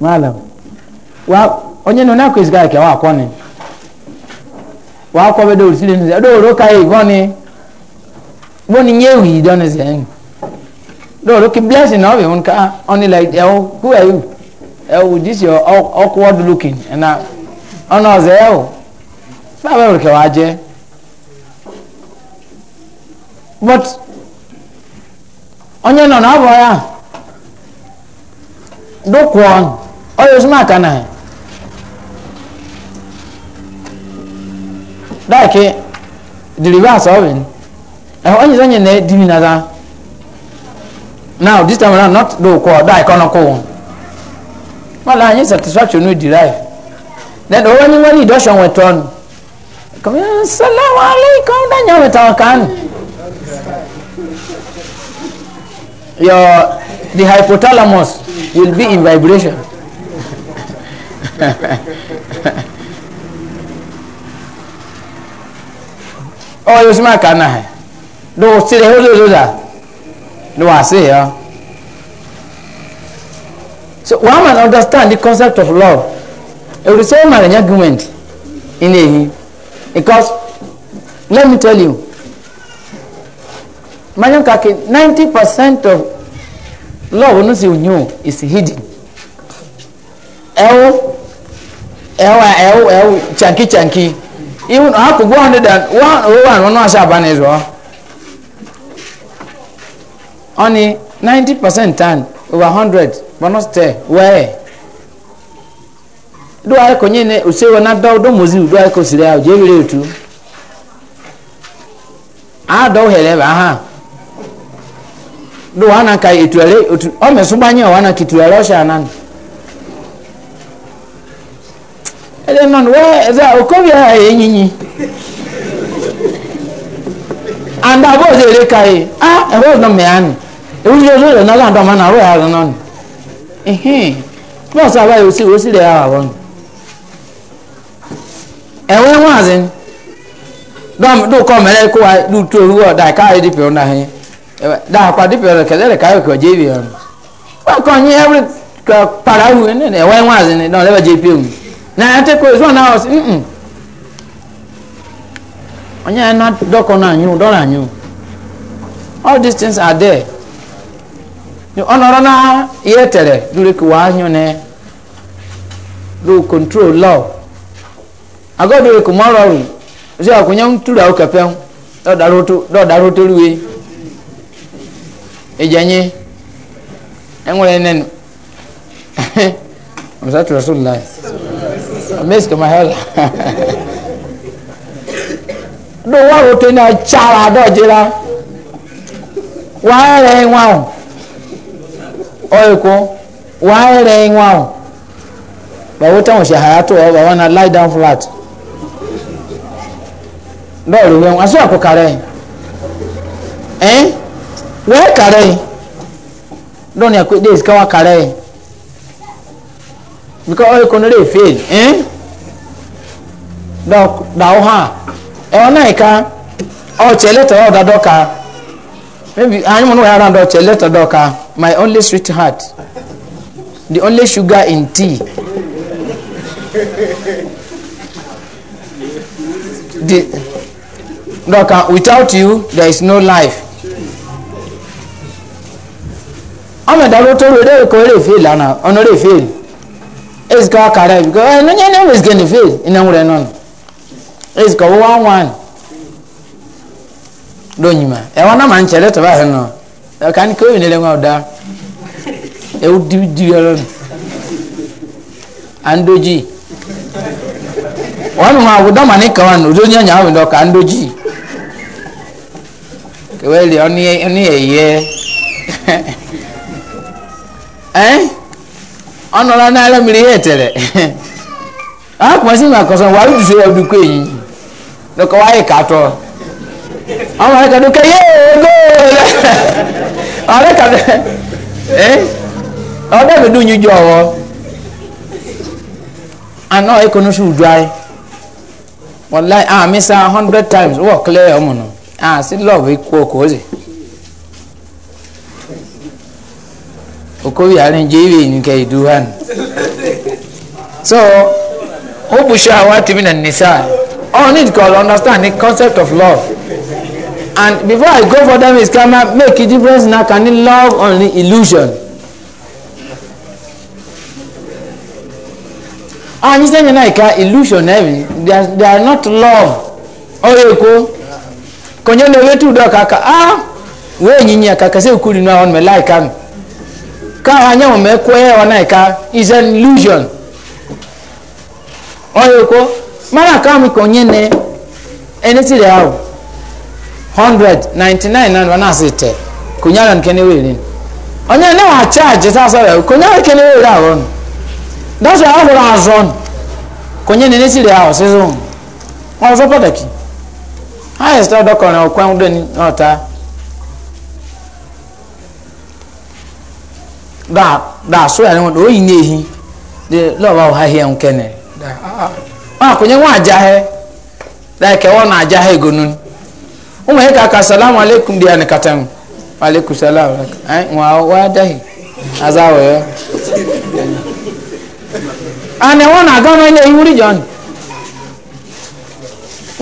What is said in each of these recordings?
malam wa onye nọ n'akọ ezi ka kewa akwọ ni wa akọ bɛ dɔwɔri sili nisɛn dɔwɔri ka ye gɔni bɔni nye wi dɔni sɛn dɔwɔri ki na ka like who are you this your awkward looking but onye nọ n'abọ ya ọnụ. ọyọ suma kana yi daake the reverse of it ẹ ọ nyinaa nyinaa na di mi na da now this time around not do kọ daake ọ̀nà kọ wọn wọn là ń yẹ satisfaction ní derive then owó ni wọn ní ìdọ́sọ̀ wọn tọ́ ni kàmi salamu aleykum danya wọn tàwọn kan your the hypothalamus will be in vibration. oyo sima kana he do sire ho do da do ase ya so one man understand the concept of love e will say marriage argument in ehi because let me tell you manyan kake 90% of love no si unyo is hidden ẹwọ ɛwɔ ɛwɔ ɛwɔ kyanki kyanki even akɔ one hundred and one oh one ɔno ahyɛ abana ɛzɔ ɔne ninety percent tan over hundred bɔnɔ tɛ wɛɛ do ayɛ kɔnye ne osewa na dɔw do moziw do ayɛ kɔ siri a ɔgye ewere otu a dɔw hɛrɛ ba ha do wɔn anaka etuare otu ɔmɛ so banyɛ wɔn anaka etuare ɔhyɛ anan. ɛdɛ nɔ no wɔyɛ ɛdɛ okobi a ɛyɛ nyinyi and abo ɔsɛ ɛdɛ ka yi a ɛbɛ ɔdɔ mɛ ani ewu yɛ ɔsɛ ɔdɔ n'ala dɔm ana ɔyɛ ara nɔ ni ɛhɛn bɔs aba yɛ osi osi lɛ awa wɔn ɛwɔ ɛwɔ azɛ dɔm do kɔ mɛlɛ ko wa do tu owu ɔda ka ayɛ di pɛrɛ n'ahɛ da akpa di pɛrɛ kɛlɛ lɛ ka ayɛ kɔ jɛ bi yɛ ɔno wɔn akɔ nyi ɛwɔ para wu ɛwɔ ɛwɔ azɛ ni dɔm lɛ bɛ jɛ pe wu. na ate ko so na os mm onya na adọkọ na anyu do na anyu all these things are there the honor na yetere dure ko anyu ne do control law agodo ko moro wi se akunya ntura o kape do daroto do daroto ruwe ejenye enwere nenu musatu rasulullah miss kama hela do wa ro te na chara do jira wa re wa o oyeko wa re wa o ba wo tan o se hayato o ba wana lie down flat do ri we aso akokare eh we kare do ni akwe days ka wa kare because oil kan lè fail eh? dàwọ ha ẹwọn náà ìka ọ̀chẹ̀ lẹ́tọ̀ ọ̀dà dọ́ka maybe anyimọ̀ náà yàrá ndọ̀ ọ̀chẹ̀ lẹ́tọ̀ dọ́ka my only sweet heart the only sugar in tea the dọ́ka without you there is no life ọmọ ìdàgbọ́ tó rẹ̀ ẹ̀kọ́ rẹ̀ fail lánàá ọ̀nà rẹ̀ fail is ka kara because eh no nyane always get in fail ina ngure non is ka one one do nyima e wana man chere to ba he no e kan ko ni le ngwa da e u di di yalo andoji wọn mu awo dama ne kawa no do nyanya awo ndo ka andoji kewele oni oni eye eh Ọ ọnọrọ n'ala mmiri e ah, ya etere akwụkwọ si ma kọsọ wa uduzo ya dukwa odukọ eyi dọkọ wa ayị katọ ọmọ ya kadụ ka yee goole ọrịa kadụ ee Ọ eh? dị dun yi jọ ọwọ anọ ekono si udu ayị wọlaị a misa hundred times wọ clear ọmụ nọ a si lọọ bụ ikwu ọkụ ozi. okoyarin jere ninka iduhan so obusha awati mina nisa all oh, need to understand the concept of love and before i go further with kama make a difference na can you love only illusion ah nisẹ nyina ika illusion ẹbi eh? they are not love ọyọ eko kọnyẹ na ewetu dọ kaka ah wee nyinya kaka sẹ okuri nu ahọn mẹ laika mi. ka anya wame kwe na ka is an illusion oyoko mara ka mi ko onye ene ti le awo 199 na na site kunyala nkene we ni onye ne wa charge ta so kunyala kene we ra won that's why awo ra zon ne ne le pataki ota da da so ya ne ho o yin ehi de lo ba ha hi en kene da ah ko nye wa aja he da ke won aja he gonun o mo ka ka assalamu alaikum dia ne katan wa alaikum salam ai wa wa da hi azawo yo ana won aga no ile iwuri john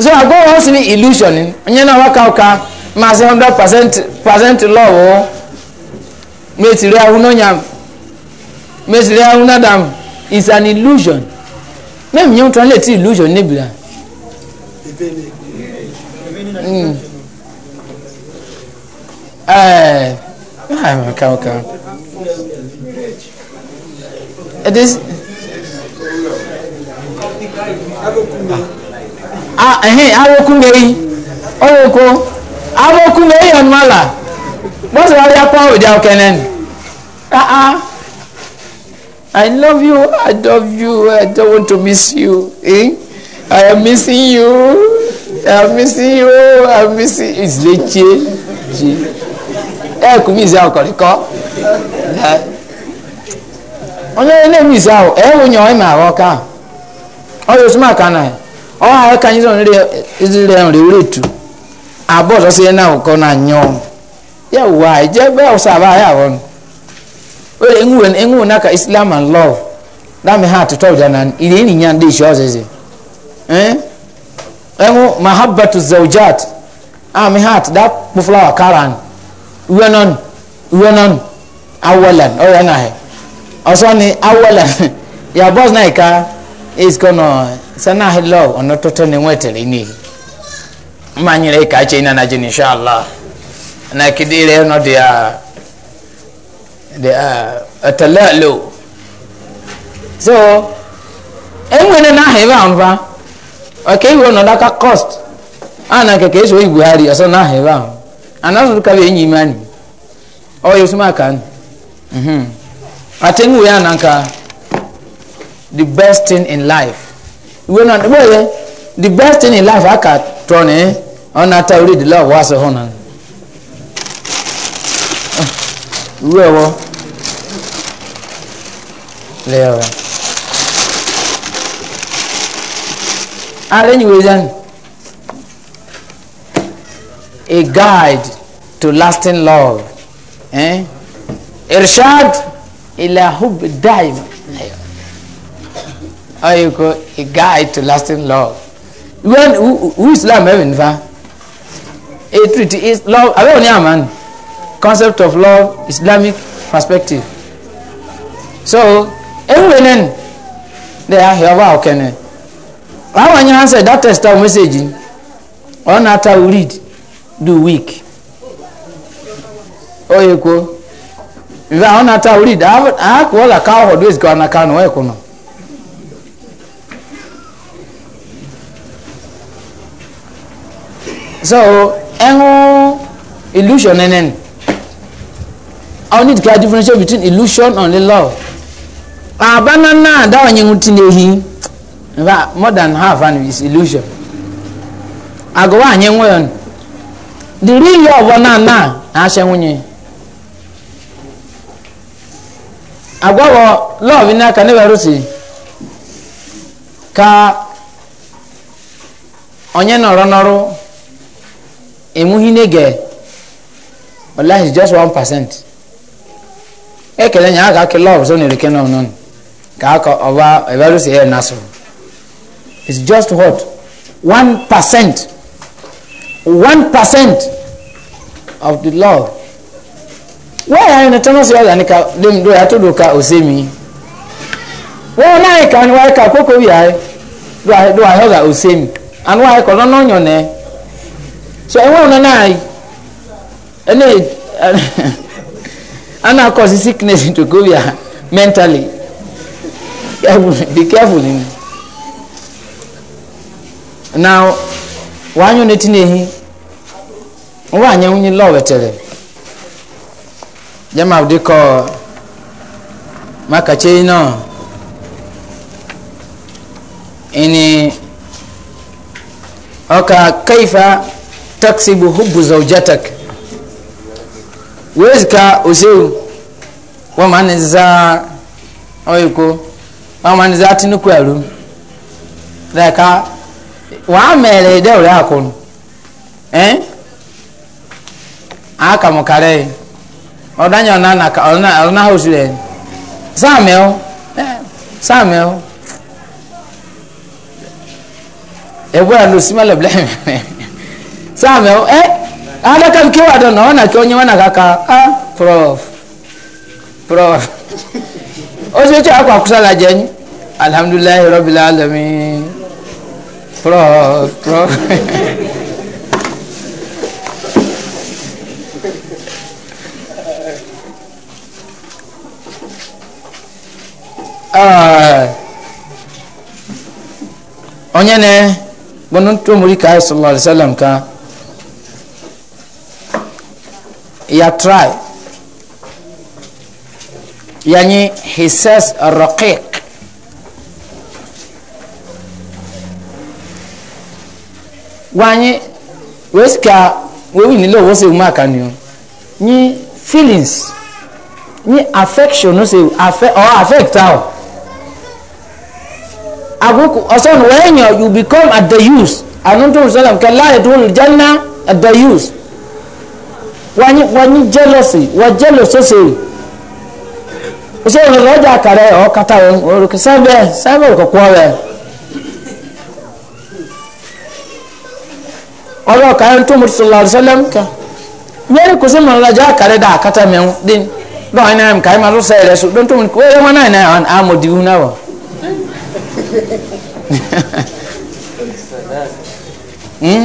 so ago was the illusion onye na waka ka ma 100% percent love mesiri ahụ mesiri ahụ n'adam is an illusion mem nye translate illusion n'ebira hmm. eh, ah, it is ah ehe eh, awokumeyi eh, bọ́sù wọn ụdị apá òjà ọ̀kẹ́lẹ́ i love you i love you i don't want to miss you eh? i am missing you i am missing you i am missing you ìsìlẹ̀ tiẹ̀ jẹ́ ẹ kò mí ìsẹ́ ọkọ̀rẹ́ kọ́ ọlọ́run lè mí ìsẹ́ ọ ẹ wo yan ọ yóò súnmọ́ ọ eh, àwọn yawwa jebe usaba yawon wele enwuwe enwuwe naka islam and love dami ha tutɔ jana ire ni nyan de shɔ zeze ɛn eh? e ɛnwo mahabatu zawjat ami ha da kpufulawa karan wenon wenon awalan ɔyɛ ŋa awalan ya na is na kidire no they are they are at a low so enwere na ahịa ebe a mba ọka ihu nọ n'aka cost a na keke eso oyi buhari ọsọ na ahịa ebe ahụ anasụrụ ka bụ enyi ime anyị ọ ya osuma aka nụ ati nwu ya na nka the best thing in life We na ndị bụ the best thing in life aka tụọ na ọ na-ata ori dị lọọ wasị hụ irú ẹ̀wọ́ lẹ́yọ̀rọ̀ arrange with them a guide to lasting love eh? irshad ila hub daima or ko a guide to lasting love when who, who islam even fa a treaty is love abẹ́ òní àmà ni concept of love islamic perspective so they are here. ọba kene. How ha answer that text our message ọ na-ata read do week oye kwuo mgbe ọ na-ata read ahapụ ọla ka ọhụrụ ezi ka ọ na-aka na ọ ekwunọ so ịhụ illusion nenen I need to difference between illusion and love. Abana ah, na that one you tinehi. More than half and is illusion. go anye nwe The real love na na ashe nwunye. Agwa wo love na ka never rusi. Ka onye nọrọ nọrọ emuhi nege. Allah just one percent. ekele nya aga ke love so ni reke no ka ka oba ebaru se naso it's just what 1% 1% of the love where in the thomas ya ni ka dem do ya to do ka osemi where na ka ni why ka koko bi ai do do ai ga osemi and why ko no no nyone so e won na na ana cause sickness into go mentally be careful him now wanyo netine Why you unyi love tere eh? jama de ko maka cheino ini oka kaifa taksibu hubbu zawjatak wezika osewu wamaniza oyiko wamaniza tinukwalu daka wamele dewre akunu eh aka ah, mukare odanya oh, ona oh, na ka ona oh, ona hosule samel eh samel ebwa lusimale blame samel eh adaka mkiwa dono wana chonye wana kaka ah prof prof osicho ako akusala jenyu alhamdulillahi rabbil alamin prof prof ah onye ne bonun to muri ka sallallahu alaihi wasallam ka ya try yani he hisas raqiq wanyi wesika wewi nilo wose uma kanyo ni feelings ni affection no se affe or affect how agoku osan when you become at the use anuntu sallam kallaa yadul janna at the use wọ́n ní jẹ́lọ́sì wọ́n jẹ́lọ́sọ́sẹ̀ òṣèlú lọ́jà àkàrẹ ọ̀kàtà òrùkì sábẹ́ sábẹ́ òkòkò rẹ̀ ọlọ́ kàrẹ́ tó mú sọlá ọ̀sẹ́lẹ̀m kà mẹ́rin kò sí mọ̀ lọ́jà àkàrẹ dà àkàtà mẹ́wọ́n dín lọ́wọ́ iná mi kàrẹ́ máa ló sẹ́yẹ̀ rẹ̀ sọ lọ́n tó mú kó ẹ̀rọ náà náà àmọ̀dì wù náà wọ̀ hmm.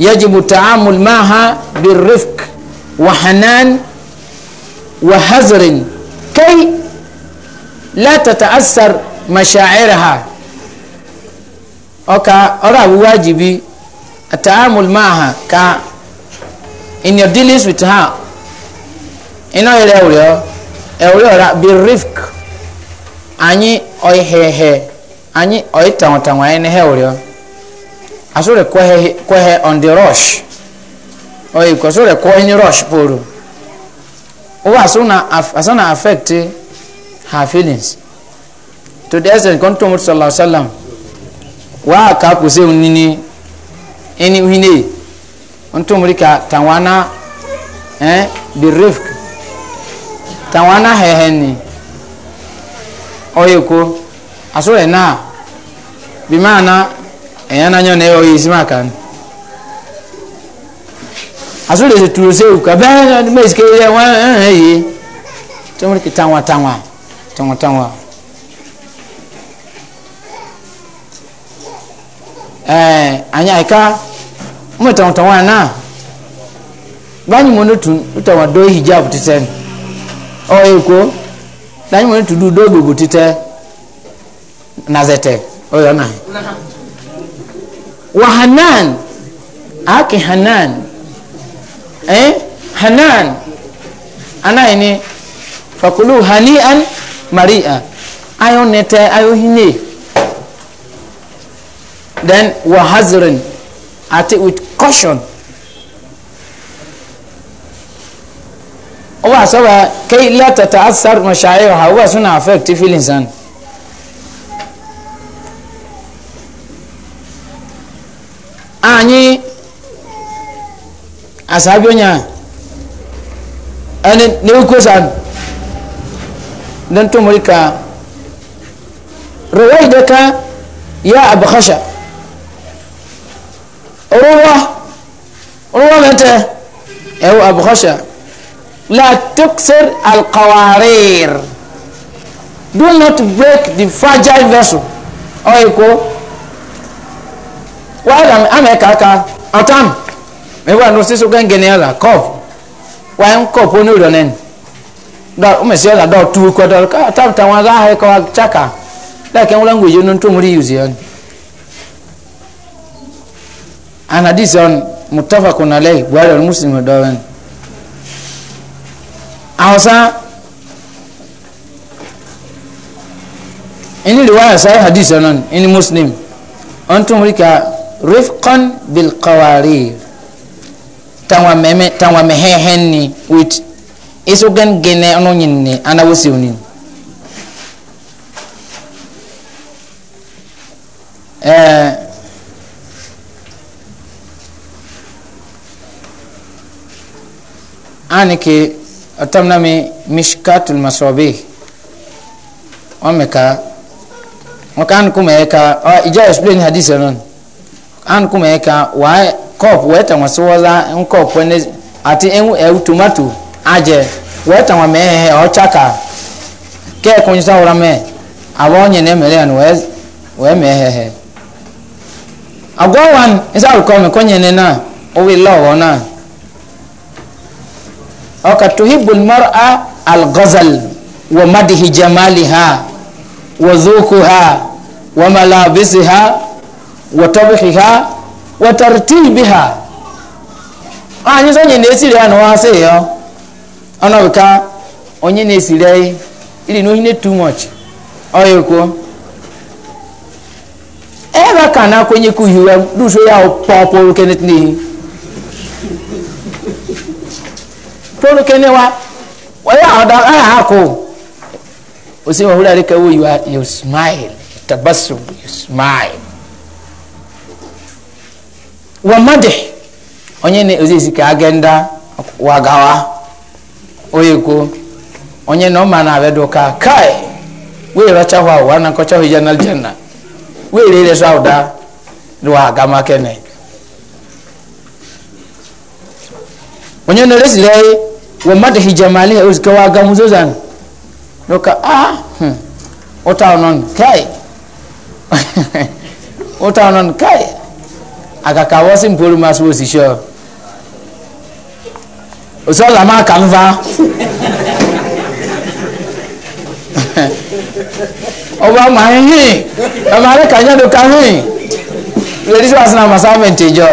يجب التعامل معها بالرفق وحنان وحذر كي لا تتأثر مشاعرها أوكا أرى واجبي التعامل معها كا in your dealings with her iná yẹrẹ ẹwúrẹ ọ ẹwúrẹ ọra bi rifk anyi ọyẹ hẹhẹ anyi ọyẹ tàwọn tàwọn ẹni asore kwehe kwehe on the rush oyi ko asore kwehe rush poru o wa na asuna affect her feelings to the extent kon tomo sallallahu alaihi wasallam wa ka ko se unini eni uhine on tomo ka tawana eh the rifq tawana heheni oyi ko asore na bimaana ɛyɛn na nyɛ na ɛyɛ ɔyɛ sima kan aso de se turo sewu ka bɛn ne mɛ sike yɛ wɔn ɛn ɛn yie tɔmɔ de tanwa tanwa tanwa tanwa ɛɛ anya ika mo tanwa tanwa na báyìí mo no tun o tanwa do hijab titɛ ɔyɛ ko báyìí mo no tu do do gbogbo titɛ nazɛtɛ ɔyɛ ɔna wa hanan ake hanan eh hanan ana ini fakulu hanian maria ayo nete ayo hine then wa hazrin ati with caution wa saba kai la tata'assar mashayirha wa suna affect feelings and asaabi nya ɛni ne bi kosa dan to mori ka rawai da ka ya abu kasha ruwa ruwa mɛtɛ ɛwɔ abu kasha la alkawarir do not break the fragile vessel ɔyiko wa adam amɛ kaka ɔtam mewa no siso gengene ala kof wa en kof ono ronen da ume se la do tu ko do ka tam tam wa ha ko chaka da ken wala ngwe jono to muri use yon an hadith on muttafaqun alayh wa al muslim dawan awsa ini riwaya sahih hadith on ini muslim on to muri ka rifqan bil qawarir tanwa meme tanwa mehehen ni with isogen gene ono nyinne ana wosi onin eh anike atamna mi mishkatul masabi ameka, wakan kuma yaka ah, ija explain hadith anon an kuma yaka cup weta ŋa so wɔza nkɔp ne ati enu e utumatu aje weta ŋa mɛ hɛhɛ ɔtsaka kɛɛ kò nyisa wòra mɛ abɔ nyɛ nɛ mɛlɛ yan wɛ wɛ mɛ hɛhɛ wan nsa wòle kɔmi kɔ nyɛ na wòle lɔ wɔ na ɔka tohi bolimɔr a wa madhi madihi jamali ha wa zoko ha wɔ malabisi ha wɔ tɔbihi ha. watartibiha anyị ah, sọ onye na-esiri ya na ọ asị ya ọnọbụka onye na-esiri ya iri na ohine too much ọya kwuo ebe ka na-akwenye ka uhiwe duso ya pọpụrụ kenet n'ihi pụrụ kenewa wee ọda aha akụ osi mahụrụ adịka wo you are you smile tabasum you smile wa made onye na-ezezi ka agenda wagawa oyeko onye na ọma na abịadoka kai wee racha rachahụ ahụ na nkọchahụ ije na aljanna wee rere so ụda wa aga kene onye na resile wa made hijamali ha ozika wa aga muzozan doka a ah, hmm. ụta ọnọn kai ụta ọnọn kai akaka wɔ si mpori ma so wɔ si hyɛ osɔ lama aka nfa ɔba ma hihi ɔba ne ka nyɛ do ka hihi ladies wa sena masa ɔmɛnti jɔ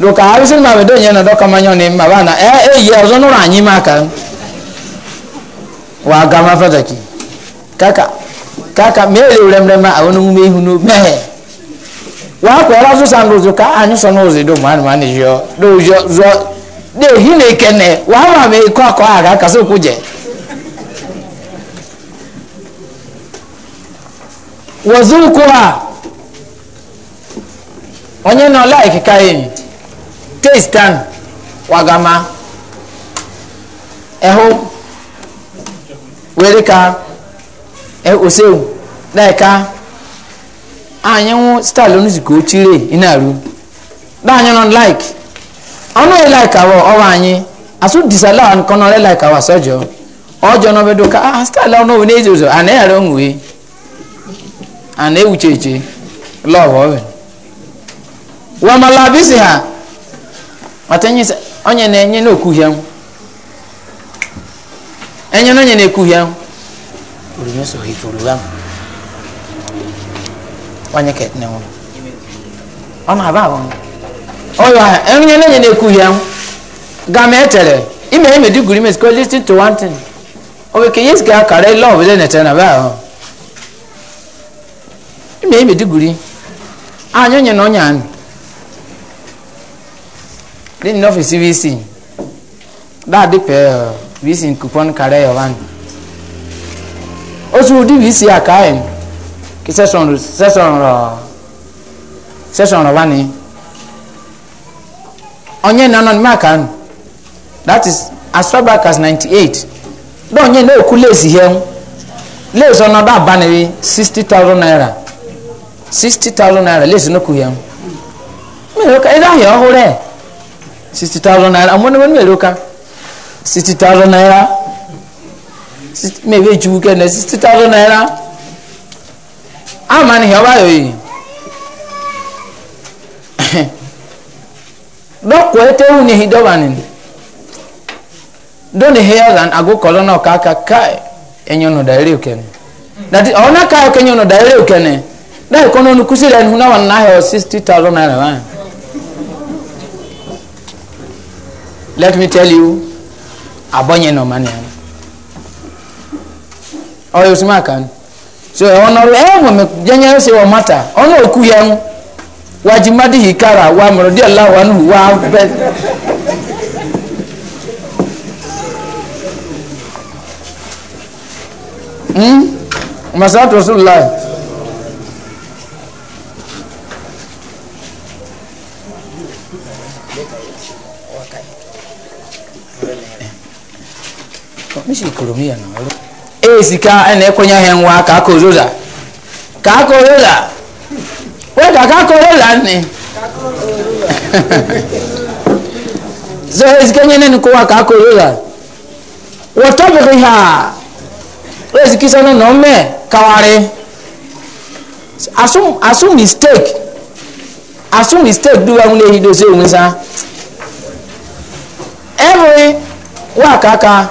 do ka awi sini ma mi do nyɛ na dɔ kama nyɛ ne ma ba na ɛ e, ɛ e, yɛ ɔzɔ nora anyi ma kan wa gama fataki kaka kaka mɛ ɛ lewulɛmulɛma awɔ ne mu bɛ ihu no mɛ. wa kweere azụsa ndụ ụzụ ka anyị sọ n'ụzọ edo mmadụ n'ụzọ dị hị na eke nnè wa ama m eko akọ agha k'asọkwu je wozu uku a onye nọ laek ka enyi tey ehu wa g'ama eho welika e, osewu anyị nwụ onye ka o ị na-arụ anyị nọ like ọnụ e like awa anyị asụ disala nke ọnụ ọrịa awa awọ asọjọ ọjọọ na ka ah ọnụ onwe ụzọ a na-eghara onwe a na-ewuche eche lọọ ọbụ wamala abisi ha ọtanye onye na na onye na wanyeket ne ho ɔno aba na ya. ime guri to one thing yesu ga ịlọ na baa hɔ ime guri a nyɛ nyɛ n'ɔnya ano de nyina ɔfisi bi si daade pɛɛ ɔ bi si Otu ụdị yɛ wan osu kí sẹ́sọ̀n sẹ́sọ̀n rọ̀ wá ni ọ̀nyẹ́ nánà ní máa kàánù that is as far back as ninety eight dọ́ọ̀nyẹ́ náà kú léèsì yẹn léèsì ọ̀nà ọ̀dọ́ àbánirì sixty thousand naira sixty thousand naira léèsì náà kú yẹn mẹ́rin ká ẹ̀dá yẹn ọ̀hún rẹ̀ sixty thousand naira àmọ́nìwọ́n mẹ́rin ká sixty thousand naira mẹ́rin ju kẹ́ni sixty thousand naira. Aman ni hɛba yɛ yi dɔkɔ etewu ni hi dɔba ni do ni hɛya zan ago kɔlɔ nɔ kaka kai enyo no daire o kɛnɛ dati ɔna kai o kɛnyo no daire o kɛnɛ dai kɔnɔ nu kusi la nu na wa na hɛ o sixty thousand naira wa let me tell you abɔnyɛ na ma ni ɔyɛ osuma so ọ̀nà ẹ̀wọ̀n mi jẹ́nyẹ́ ṣe wọ́n mọ́ta ọ̀nà òkú yẹn wajimadi hikara wa mọ̀rọ̀dí ọ̀la wa nù wá bẹ́ẹ̀. Hmm? masalatu rasulillah mi si kolomi yẹn na esika ɛna ɛkɔnya hɛn wa k'akɔ rola k'akɔ rola wɛda k'akɔ rola ni so esika nye ne ko wa k'akɔ rola wɔtɔbiri ha esikisa no na ɔmɛ kawari asum aso mistake asum mistake do wa ŋun le yi do se omi sa wa kaka.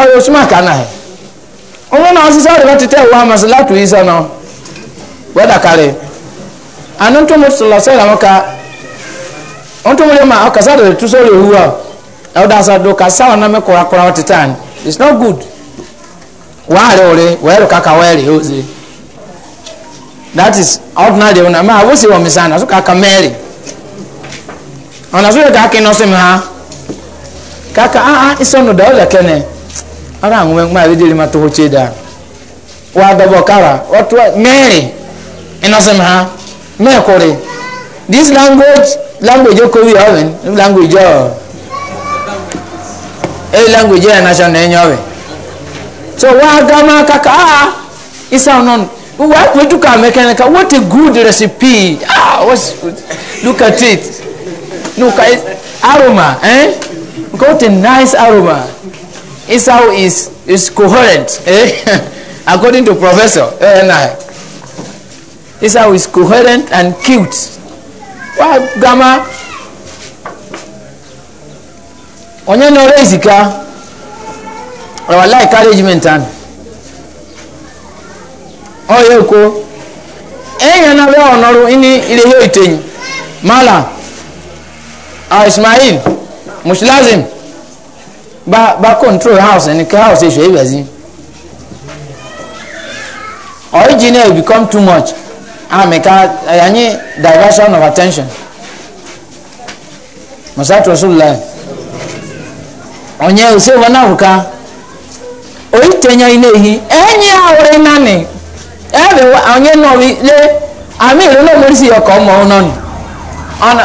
ọrẹ osùnmọ àkànnà ẹ ọmọ náà sísá rẹ wọn ti tẹ wọn àmàṣe látò yìí sọ náà wọ́n dàkàrẹ̀ àná tó mo ma ọ kàṣà rẹ̀ tó sọ̀rọ̀ ewu ọ ẹ̀ ọ́ dàṣà do kàṣà wọn náà mẹ́kọ̀ọ́ akọ̀rọ̀ wọn ti tàn it's not good wọ́n àrẹ ọ̀rẹ́ wọ́n ẹ̀rọ kàkà wọ́n ẹ̀rẹ́ ó that is ordinary ọ̀nà máa wọ́n sì wọ̀ mí sàn àṣọ kàkà mẹ́rin ọ̀nà sọ̀rọ̀ kàkà iná sí mi ha kàkà ah ah ìsọ̀nù dàó lẹ̀kẹ́ náà ara àwọn ọmọ ẹgbẹ́ àbídìrí máa tó ṣe dáa wàá dọ́bọ̀ kára ọtú mẹ́rin ìnáṣẹ́mi ha mẹ́ẹ̀kọ́rẹ́ this language language okòwì ọ̀rìn language ọ̀ èyí language ẹ̀ national ẹ̀yìn ọ̀rìn so wàá gá máa kàkà á ah, isa ọ̀nà wàá pẹ̀tù ká mẹ́kẹ́rin ká what a good recipe ah look at it look at it aroma eh? what a nice aroma. Esau is is coherent eh? according to professor eh, nah. Esau is coherent and cute wa gama onye e na ọrụ ezika ọwa like arrangement an ọya oko enyo na bẹ ọnọrụ ini ile ihe itenyi mala ismail muslazim ba ba control house ni ka house ṣe ibẹ̀sí original become too much amika yanyi diversion of attention musatu rasulillah onye ose wọn ahuka oyi tenya ina ehi enyi ahore nani ebe onye nọ le ami ìrònú omorisi ọkọ ọmọ ọ nọ ni ọ na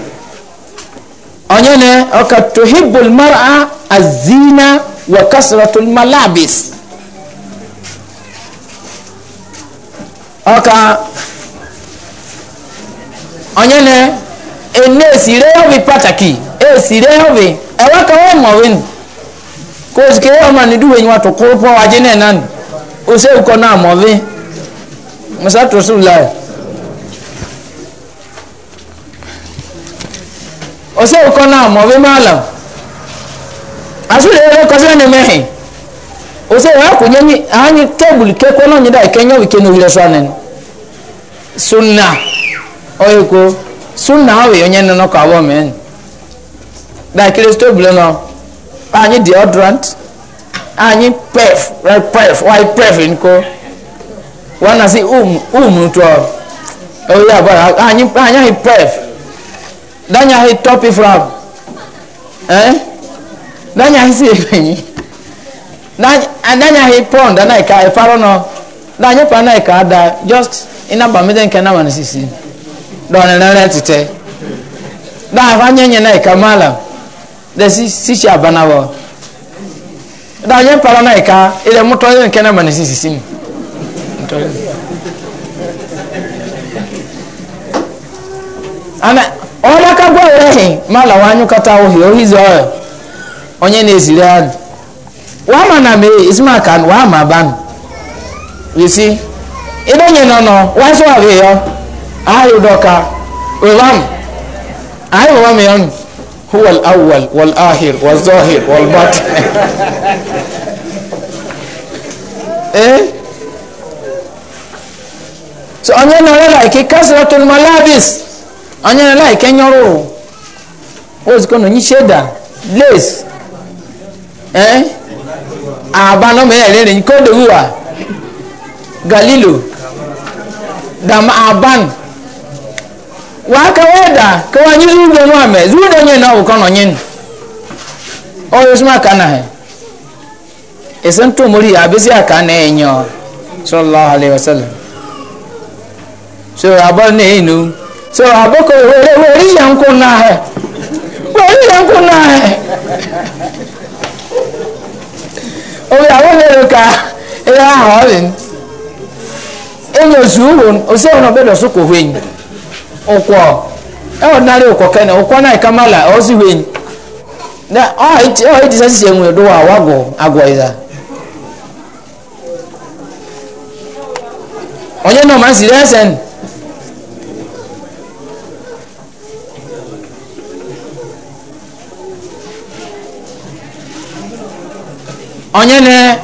onyene oka tuhibbu almar'a azina wa kasratu almalabis oka onyene ene esirehobi pataki esirehobi ewaka wemowin kosikeyoma niduwenyi watukupo wajinenani useukona movi musatusulai ɔsɛ wokɔ no a mɔbe maalam asole yɛrɛ kɔsɛ ne mɛhe ɔsɛ wɔakonyɛnyi ahanye table kekɔ no nyeda ɛkɛnyɛ wike no wirɛ sa ne no sunna ɔyɛ ko sunna awe ɔnyɛ no no kɔ abɔ mɛn da kere table no anye deodorant anye pef right pef why pef nko wana si um um to ɔyɛ abɔ anye anye pef danya he top ifram eh danya he se penyi danya he pond dana e ka e faro no danya pa na e ka da just ina ba mi den ke na sisi do na na re tete da fa na e ka mala de si si cha bana wo danya paro na e ka ile muto den ke na man sisi sini ana ọlaka gwarehi mala kata ohi ohizi ọya onye na-eziri adụ wama na mee ismaka wama ban isi ịdonye nọ nọ wasu abịa ya ahụ dọka ụlam ahụ ụlam ya nụ هو الأول والآخر والظاهر والباطن Eh? so onye أنا نرى لك كسرة malabis anyere like nyoro oziko no sheda. lace eh aba no me ere ni galilo dam aban wa ka weda ko anyi zudo no ame zudo nye na ko no nyen o yosma kana he esen to mori abesi aka na enyo sallallahu alaihi wasallam so abon ne inu so aboko were were ya na n'ahịa were ya nkwu ka ihe ahụ ọrịa enyozu uru ose ọnụ obedo so kwa hwenyi ụkwọ ọdịnarị ụkwọ ụkwọ na ikamala ozi na ọ iji sasisi enwe dụwa onye nọ onye e, na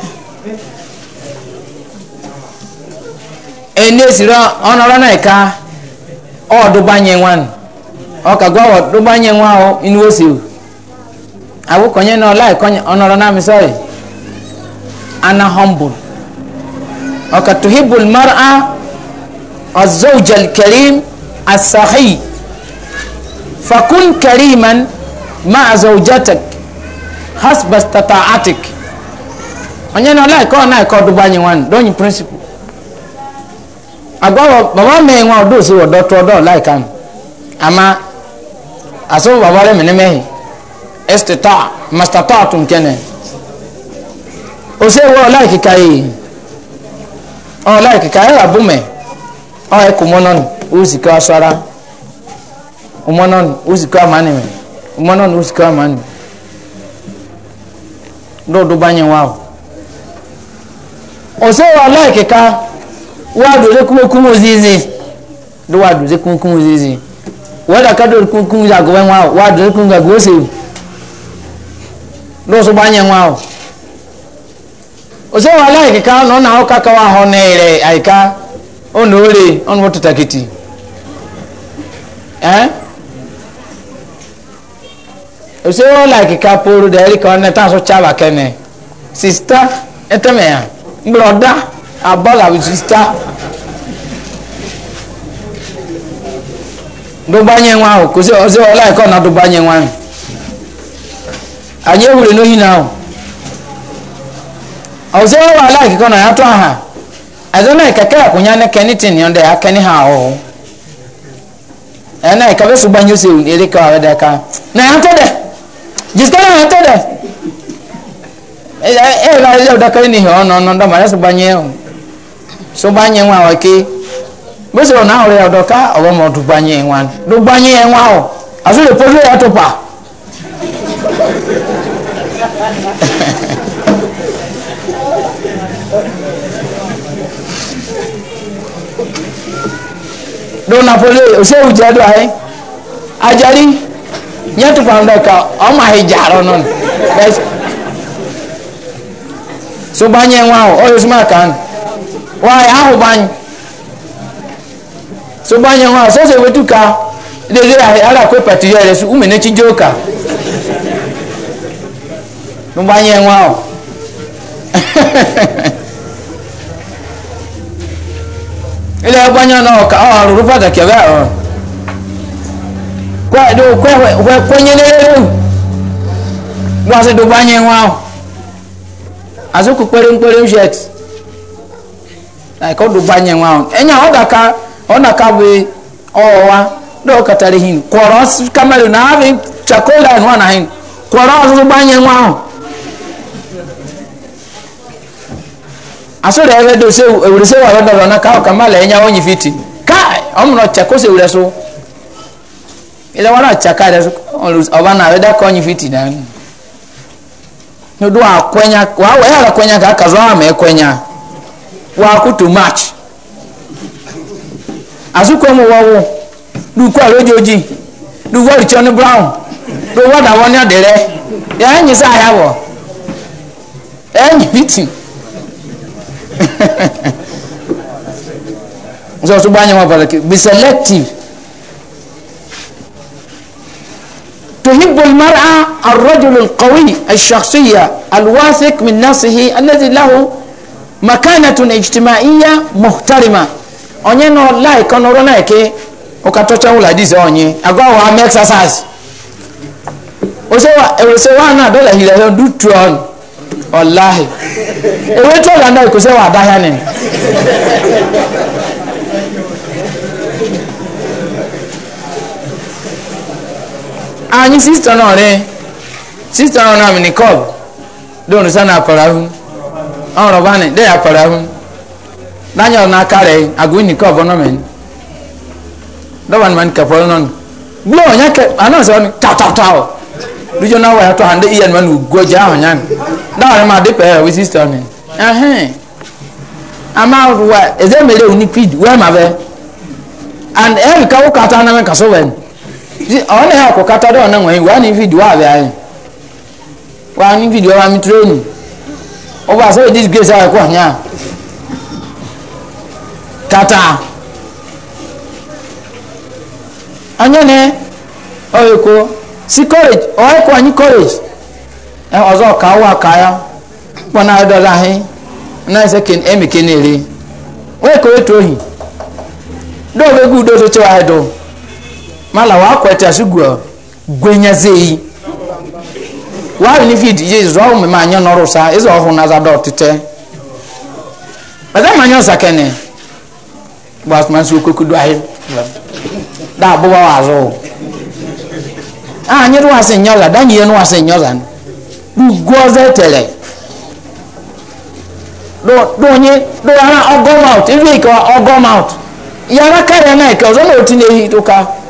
ene esiri ọnọrọ na ịka ọdụgbanye nwan ọka gwa ọdụgbanye nwa ahụ inu osi agwụkọ onye na ọla ịkọ ọnọrọ na amịsọị ana humble ọka tuhibul mar'a azawjal karim asahi fakun kariman ma azawjatak hasba stata'atik onye na ọla ịkọ na ịkọ dụgba anyị nwanne donyi prịnsịpụ agwa baba mee nwa ọdụ osi wọdọ tụọ dọọ laịka nụ ama asụ baba re mene mehi esteta masta tọọ tụ nke ne osi ewe ọla ịkịka yi ọla ịkịka ya abụ mee ọ ịkụ mọnọnụ uzikọ asara mọnọnụ uzikọ amanị mee mọnọnụ uzikọ amanị dọọ dụgba anyị nwa ahụ osewa alaikika waduze kumukumu zizi do waduze kumukumu zizi wada kado kumukumu za gobe mwao waduze kumukumu za gobe sewu do so banye mwao osewa alaikika na hoka kawa honere aika ono ole ono eh? kene brother and brother with sister ló bá yẹn wọn o kò sí ọsẹ ọlá ẹkọ náà ló bá yẹn wọn àyè wúlò lóyún náà o ọsẹ wọn wà láìkí kan náà yàtọ àhà ẹdọ náà kẹkẹ àkúnya ní kẹni tì ní ọdẹ akẹni hà ọ ẹ náà ìkàwé ṣùgbọ́n yóò ṣe èrè kan àwọn ẹ̀dá kan náà yàtọ̀ dẹ jìsìkẹ́ náà yàtọ̀ dẹ era ile udaka ni hono no ndo mara so banyeo so banye nwa wake bose ona ore odoka obo mo du banye nwa du banye nwa o azu le pozo ya topa do na pozo o se uja do ai ajari nyatu pa ndoka o ma hejaro non so banye nwa ahụ ọrịa osima ka nụ nwaanyị ahụ banye so banye nwa ahụ sọsọ ewetu ka lele ara kwe pati ya eresu umenechi je ụka banye nwa ahụ ile gbanye n'ọka ọ rụrụ pàtàkì ọgá ọ kwenye n'elu wọ́n sì dùn banye nwa ahụ azụkụ kpere mkpere shet like ọdụ gbanye nwa ahụ enye ọ daka ọ naka bụ ọwa dọkọtara ihe kwọrọ kamelụ na abị chakola nwa na ihe kwọrọ ọzụzụ gbanye nwa ahụ asụrụ ebe dose ewurese wa ọdọrọ na ka ọka mala enye onye fiti kai ọmụrụ chakosa ewuresu ilewara chaka ọba na abịa daka onye fiti na ahụ ndo akwenya wa hala kwenya ka kazo amekwenya wa ku too much asuko mu wawo du ko alojoji du wo richon brown do wa da woni adere ya nyi sa ya wo enyi biti so so banya ma pala be selective تحب المرأة الرجل القوي الشخصية الواثق من نفسه الذي له مكانة اجتماعية محترمة onye na ọla ịkọnọrọ na eke ụkatọcha ụlọ adịzi onye agwawa ama exercise osewa na adọla hiri ahụ dutu ọnụ ọlaghị ewetu ọla na ekosewa adahịa nị anyị sista nọ ne sista nọ na mini kọb donu sa na aparahu ọrọ bani de aparahu n'anya na na-akarị agụ ni kọb ọnọ mẹ dọba nima nkapọ nọ nù ke ọnya kẹ anọ sọ ni taw taw taw dujo na waya to hande iya nima nu goja ahọ nya ni dọwara ma de pẹ wi sista ni ẹhẹn ama wa ezemere oni wee ma bẹ and ẹ ka ụka kata anamẹ kaso wẹẹ ọ̀nà yà kọ̀ kátàdọ̀ ọ̀nà wọ̀nyí wà ní fídíò àbẹ̀ anyị wà ní fídíò wà mí tírénì ọba àṣẹwé disgrace ayé kọ̀ nyà kàtà anyẹ́nẹ́ ọ̀yẹ̀ kọ́ sí courage ọ̀yẹ̀ kọ́ anyi courage ẹ̀ ọ̀zọ́ ọ̀ka wà na kpọ̀nà ayọ̀dọ̀dọ̀ ahẹ́ náà ẹ̀sẹ̀ ẹ̀mí kéne rè eri kọ́ ètò òhìn dọ́ọ̀ bẹ́ẹ̀ gùn dọ́ọ̀ tó tẹ́ wà ayé dọ́ọ̀. mala wakwete asigwa gwenyazei warinifid yezu awo mema anya n'ọrụsa eze ọhụụ n'aza dọ ọtịtị ọzọ manya ọsa kene bụ asụmasụ okoko do ahịa da abụba wa azụ a anyị rụwa asị nyọza danye ihe rụwa asị nyọza ugwu ọzọ etere do onye do ara ọgọm out ebe ike ọgọm out yara karịa na eke ọzọ na otinye ihe ụka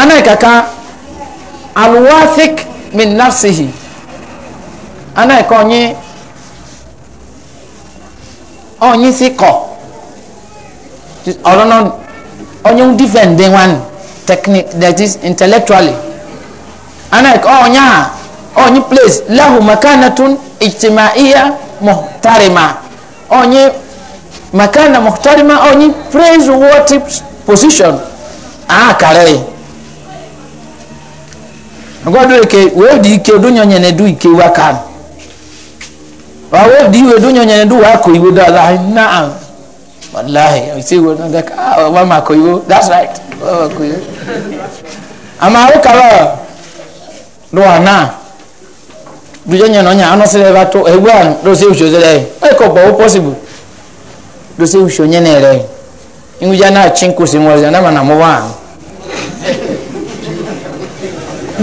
ana kaka alwathiq min nafsihi ana ka onye onye si kọ ọrọ onye n defend one technique that is intellectually ana ka onye a onye place lahu makanatun ijtimaiya muhtarima onye makana muhtarima onye praiseworthy position a kare ngwadureke wedi ike odunyonyene du ike wakan wawedi iwe dunyonyene wee wako iwe dala naam wallahi isi iwe ngaka ah mama ko iwe that's right mama ko iwe ama ukaba do ana dunyonyene onya ano sele bato egwan do se usho zele eko na na mana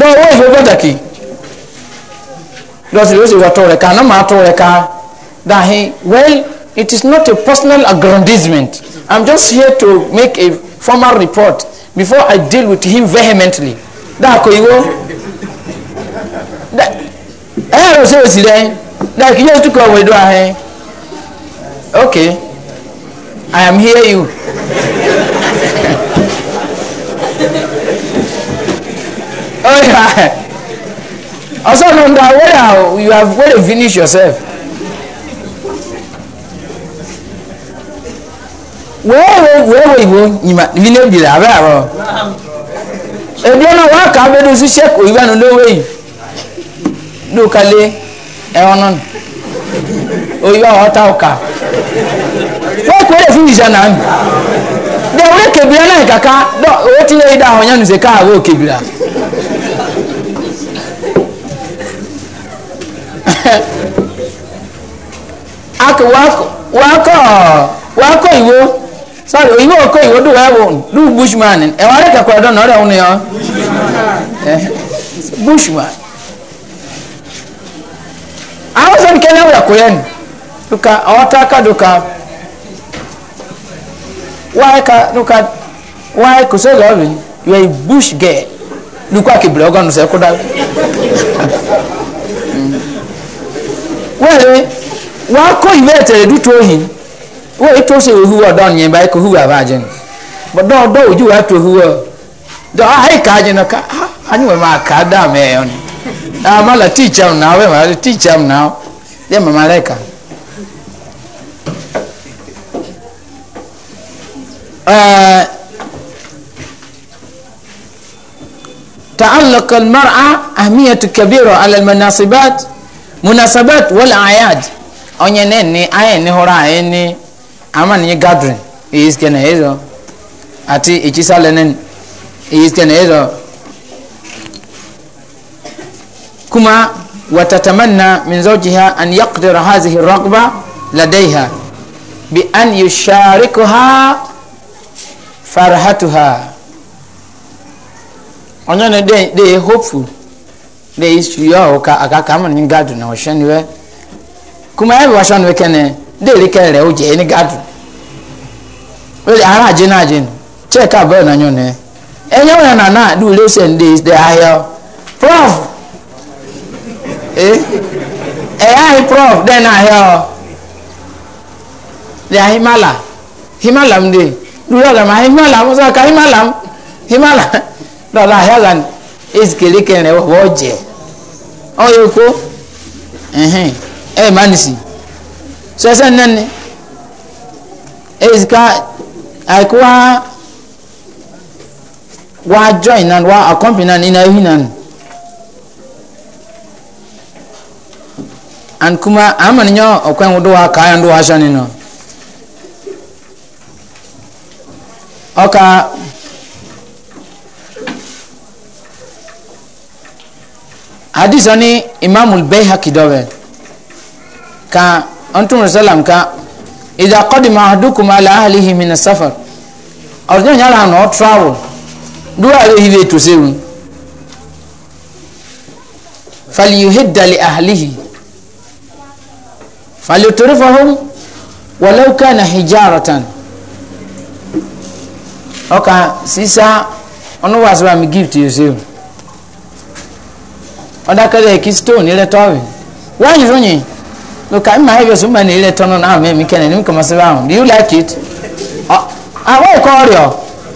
dɔw wo ihe pàtàkì dɔw sì lè wọ́n tọ́ rẹ̀ ká náà máa tọ́ rẹ̀ well it is not a personal aggrandizement i'm just here to make a formal report before i deal with him vehemently dáàkó iwó ẹ ẹ rọṣẹ òsì rẹ dáàkì yóò tún kọ ọwọ ìdó ahẹ okay i am here you. Oh yeah. Also, no, where you have where you finish yourself. Where where you go? You might be named the Avaro. Ebi ọ̀nà wa kà á bẹ́ẹ̀ sí ṣẹ́kù ìbánu lówó yìí lókàlẹ́ ẹ̀wọ̀n náà òyìnbá ọ̀tá ọ̀kà wọ́n kọ́ lè na ìṣẹ́ náà dẹ̀ wọ́n kébìrì náà kàkà owó tí lè dá àwọn yẹn nù sí káàwó kébìrì náà. akọ wakọ wakọ iwo sorry oyibo okọ iwo do wẹwo do bushman ẹ wọn rẹ kẹkọọ ẹdọ náà rẹ wọn ni ọ bushman àwọn sọ nìkẹ́ náà wọ̀ ẹ̀kọ́ yẹn nuka ọ̀ọ́ta ká nuka wáyé ká nuka wáyé kò sóòlù ọ̀rìn you are a bush girl nuka kìbìlẹ̀ ọgọ́nù wẹ́rẹ́ wọ́n á kó ìwé ẹ̀tẹ̀rẹ̀ dútó yìí wọ́n èyí tó ṣe òhúwọ́ ọ̀dọ́ nìyẹn báyìí kò húwọ́ àbájẹ́ nù bọ́dọ̀ ọ̀dọ́ òjú wa tó húwọ́ dọ́ àyíká ajẹ́ nà ká ányìwẹ̀ ah, máa kà á dá àmì ẹ̀yọ́ ni àmọ́ là tíìchà mù náà wẹ́ẹ̀ máa tíìchà mù náà yẹ́ màmá lẹ́ka. تعلق المرأة أهمية كبيرة على المناسبات munasabat wal ayad onye ne ni aye ni hora aye ni ama ni gathering is kene hizo ati ichisale is kene hizo kuma watatamanna min zawjiha an yaqdira hadhihi raqba ladayha bi an yusharikuha farhatuha onye ne dey hopeful de history yɔ ka a ka kan na o sɛni wɛ kuma e bɛ wa sɔni wɛ kɛnɛ de yɛrɛ kɛ yɛrɛ o jɛ e ni ara jɛ n'a jɛ cɛ ka bɛɛ na ɲɔ nɛ e ɲɛ wɛrɛ nana du le sɛn de de a prof ee ɛ prof de na ọ de a himala himala mu de du yɔ lama himala musa ka himala himala dɔ ezikele ọyọ oko ẹhìn ẹ má nìsí so ẹsẹ ezika àìkú wa wa join na wa accompany nan ina ehi nan and kuma amani nyɔ ɔkwan wo do wa kaa do wa ahyɛ ne no ɔka. hadith ni imamul bayhaqi dɔbɛ ka antum salam ka idha qadima ahadukum ala ahlihi min as-safar ɔrɔdɛ nyala na ɔtravel duwa ale hibe to sewu falyuhidda li ahlihi falyutrifahum walau kana hijaratan ɔka sisa ɔno wa sɛ mi gift yosefu ọdakẹrẹ ẹkí stone ilẹtọọrì wọn yìí ròyìn lóka mma ayé bẹsùn mma ní ilẹtọ náà na mẹmí kẹne ní do you like it àwọn ẹkọ ọrìọ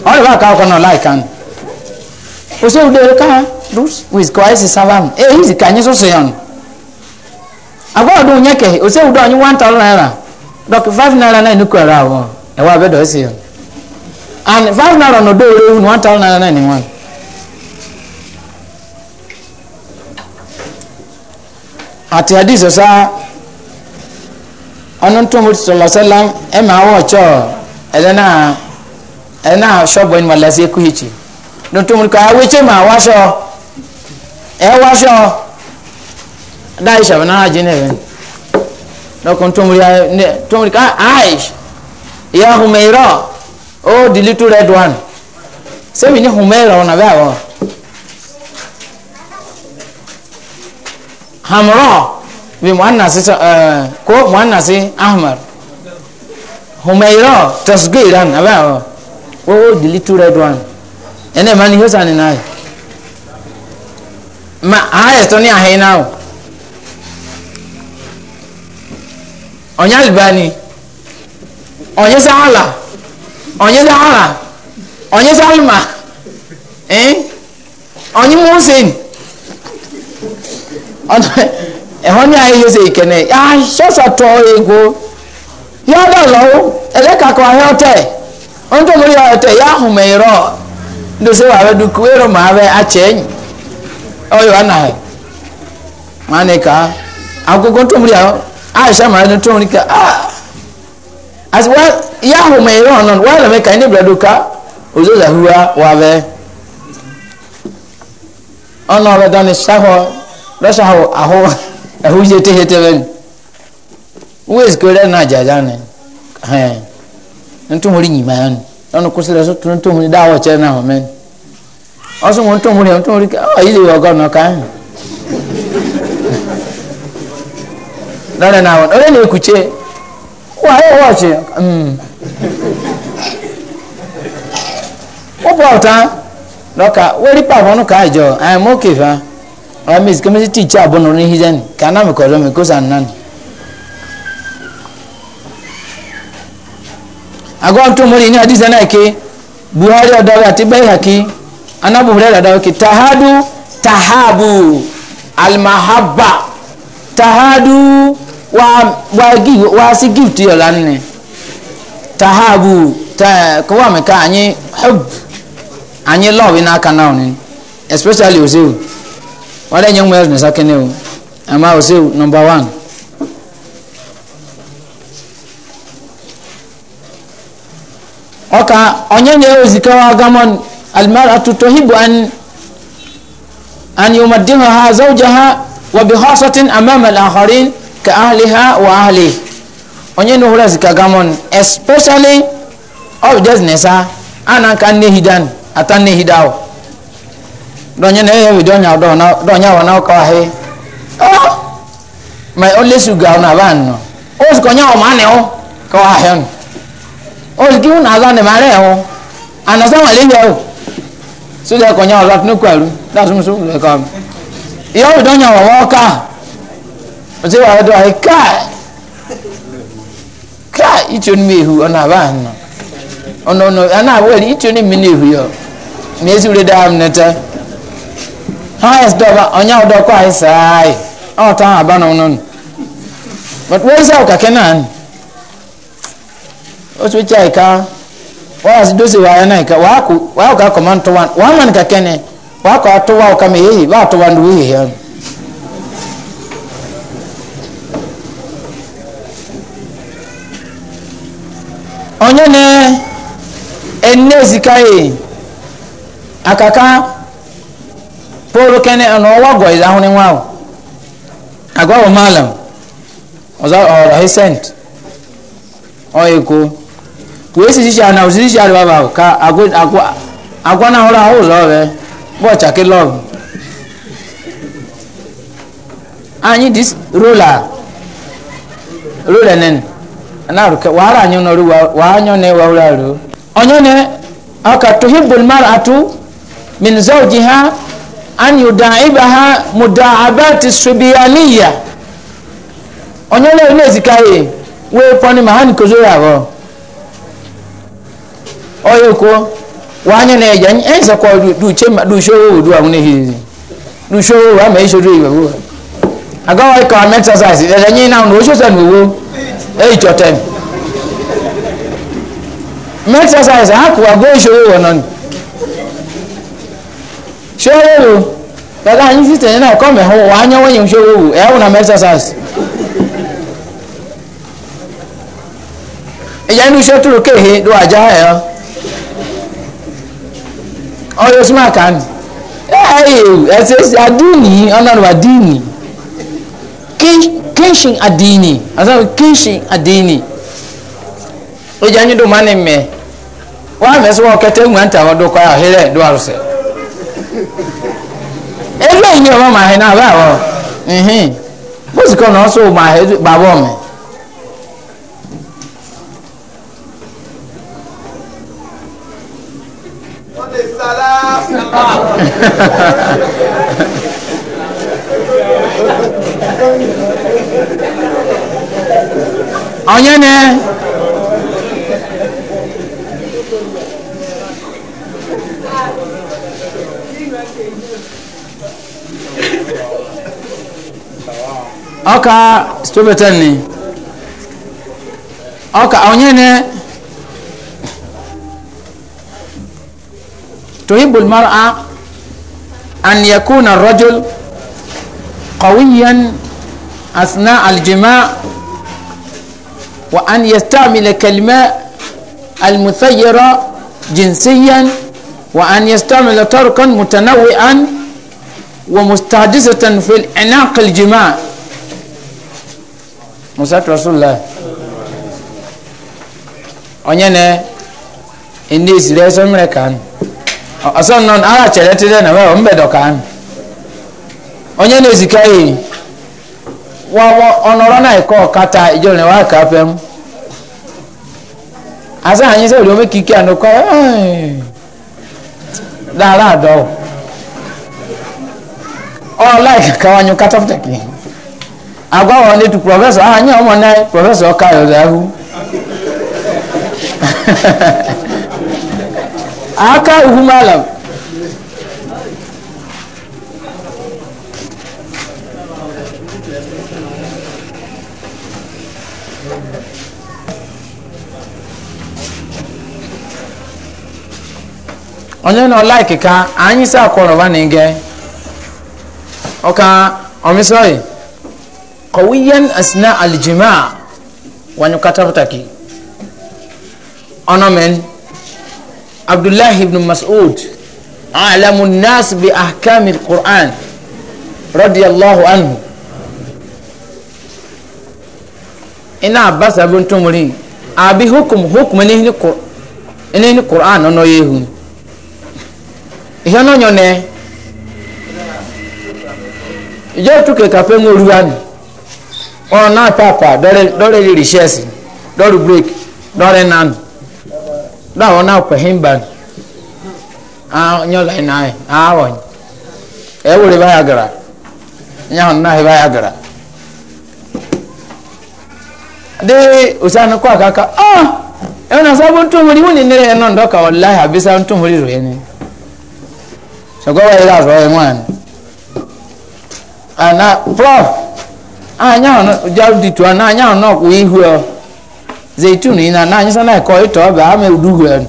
ọrìọ bá káwọn kọ náà láìka nù òṣèlú dèrè ká rus with kwaesi e èyí sì ká yín sọsọ yàn àbọ̀ ọdún yẹn naira dọ̀kì five naira náà ní kú ẹ̀rọ àwọn and five naira naira àti hadith ọ̀sá ọ̀nùtún mọ̀tò sọ̀lọ̀ sẹ́lá ẹ̀ máa wọ̀ ọ̀chọ́ ẹ̀dẹ́ náà ẹ̀ náà ṣọ́ọ̀bù ẹni màlá sí ẹkú hìchì ọ̀nùtún mọ̀tò àwọn ẹ̀chẹ́ máa wáṣọ ẹ̀ wáṣọ dáa ìṣàbẹ̀ náà jẹ́ náà ẹ̀rẹ́ lọ́kùn tó mọ̀tò àìṣ ìyá hùmẹ̀rọ̀ ó dìlítù rẹ̀ dùn sẹ́mi ní hùmẹ̀rọ̀ ọ̀nà bẹ́ẹ̀ wọ̀ hamra bi muannasi eh, ko muannasi ahmar humaira tasgiran abawo oh. o the little red one ene mani hosa ni nai ma aya to ni ahina o onya albani onye sala onye sala onye salma eh onye musin ọ̀nà ẹ̀họ́n ní ayé ṣe ìkẹ́nẹ̀ àṣọ́sọ̀tọ̀ ah, ego yọ́dà lọ́wọ́ ẹlẹ́kàkọ́ ahẹ́ ọ̀tẹ̀ ohun tó múlẹ̀ ọ̀tẹ̀ yá ahùnmẹ̀ ìrọ̀ ndòsí wà bẹ́ dùkú èrò màá ma àkyẹ́yìn ọ̀yọ́ àná ẹ̀ màá ní ká agogo tó múlẹ̀ àṣà màá ní tó múlẹ̀ rasa hau aho ahu je te hete ben wes kore na jaja ne he ntu muri nyima yan onu kusira so tun tun ah, ni dawo che na ho men osu mo tun muri on tun muri ah ile yo gona ka na won ore ahụ ọchị wa he eh, wa che ta pa ka jo i am okay fa ọ mis kemesi ticha abụọ nọrọ n'ihe zani ka na mekọrọ mekosa nnani agwa mtu muri ni hadithi nake buhari odawe ati baihaki anabu hurera dawe ki tahadu tahabu almahabba tahadu wa wa gi wa si gift yo lanne tahabu ta ko wa me ka anyi hub anyi love na kana oni especially ozewu wọ́n dẹ̀ nyẹ́ ńwẹ́rù ní sákẹ́ni o àmọ́ àwọn ṣe nọmba wán. ọkà ọ̀nyẹ́nyẹ́ òzìkẹ́wà gamọ́n alimara tutọ́ hibu an an yóò madiha ha zawja ha wa bi hɔsotin amama lahorin ka ahli ha wa ahli ọ̀nyẹ́nyẹ́ òhùrẹ́ zika gamọ́n especially ọ̀bìjẹ́ zinẹ́sà ànàkà nehidan àtànehidáwò. donye oh, na ehe do na do nya wana ko ahe only na ban no o oh, ko nya o mane o ko ahe on o ki un ala ne mare o ana sa wale ya o so de ko o lat no kwaru da sum sum le kam wa ka o wa do ka ka ban no ono no ana yo da highest dọba ọnya ọdọ kọ aba nom but wọ́n sá ọ̀kàkẹ́ náà ni ó tún kyá ìka wọ́n á sì dósè wọ́n ayé náà ìka wọ́n á kọ wọ́n á kọ akọ̀mọ́ ntọ́wá wọ́n á mọ̀ ní kàkẹ́ poro kene ono wago is ahun agwa wo malam oza o he sent o eko we na uzi jija ka agwa agwa agwa na ọrụ ho zo be bo cha ke anyi dis rola rola nen na ruke wara anyo no ru wa anyo ne wa ru an yudaibaha mudaabati subiyaniya onyele ne zikaye we poni mahani kozo yabo oyoko wanye ne jan enza kwa du du ehi du wa me shodo iwe wo aga wa ka exercise ele nyi na no shosa no wo e jotem exercise ṣọ́wọ́wò dada yín sì tẹ̀yìn náà kọ́mẹ̀ hó wàá nyẹ́wọ́ yín ṣọ́wọ́wò ẹ̀ wọ́n nàmẹ́ exercise. ìyá inú iṣẹ́ túrò kéhe ló àjá ẹ̀ ọ́ ọyọ súnmọ́ àkàní ẹsẹ ẹsẹ adini ọlọ́run adini kínsìn adini asọ́nù kínsìn adini ó jẹ́ ẹni dùn mọ́ ni mẹ́ wọ́n á mẹ́sàn-án kẹtẹ́ ń gbà ń tà wọ́n ebe enyi ọmọ ma ahị na-aba abọ ihin mọsikọ na ọsọ ma ahị babọ mi onye ne ọka stobetanni ọka onyene تحب المرأة أن يكون الرجل قويا أثناء الجماع وأن يستعمل كلمة المثيرة جنسيا وأن يستعمل تركا متنوعا ومستحدثة في العناق الجماع musatu rasulillah onyene indi isire somre kan asan non ara chere tide na wa mbe do kan onyene ezikai wa onoro na iko kata ijone wa ka pem asa anyi se lo mekike anoko dara do ọ láì kàkà wọn yóò kátọ́fù agwa wa ndetu prọfesọ aha nye ọmọ nai prọfesọ ọka yọzọ ahụ aka uhu malam onye nọ laiki ka anyị si akọrọ ba na ige ọka omisọyi qawiyan asna aljimaa wani katabtaki onomen abdullahi ibn mas'ud a'lamu an-nas bi ahkam al-quran radiyallahu anhu ina abbas abun tumuri abi hukum hukum ni ni qur'an ni ni qur'an ono yehu ihano nyone ijo tuke kapengo ruwani wọn náà pàpà dọ́rẹ́ lè rí ṣẹ́ẹ̀sì dọ́rù break dọ́rẹ́ nan láwọn náà pẹ̀ hín bàn nyọ́lá iná ẹ̀ àwọ̀ ẹ̀ wúre báyà gara nyàwọn náà ẹ̀ báyà gara. de usanu kọ́ àkàkà ah ẹ̀wọ̀n náà sábà ń tún wọlé wọ́n ní nílẹ̀ ẹ̀ náà ń dọ́kà wọ́n láyà àbí sábà ń tún wọlé rẹ̀ ni ṣùgbọ́n wọ́n yẹ láàfọ̀ ẹ̀ wọ́n àná prof anya no jaru ditu ana anya no ko ihu eh, zaitun ina na anya sana ko ito eh, ba ame uduhu eh,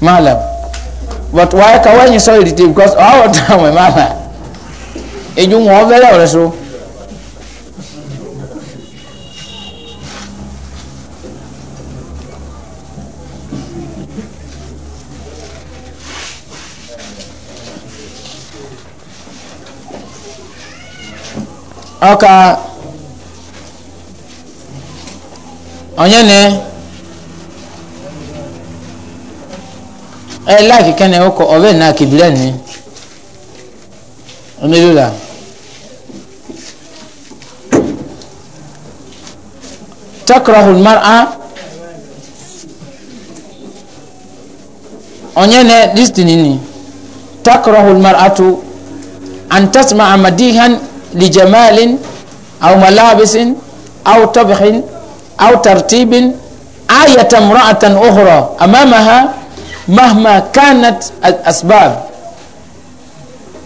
malam but why ka when you saw it because all the time we mala eju mo vele ore so Okay. onye ne e life kene oko obe na kibile ni omelula تكره المرأة onye ne destiny ni تكره المرأة أن تسمع مديها لجمال أو ملابس أو طبخ أو ترتيب آية امرأة أخرى أمامها مهما كانت الأسباب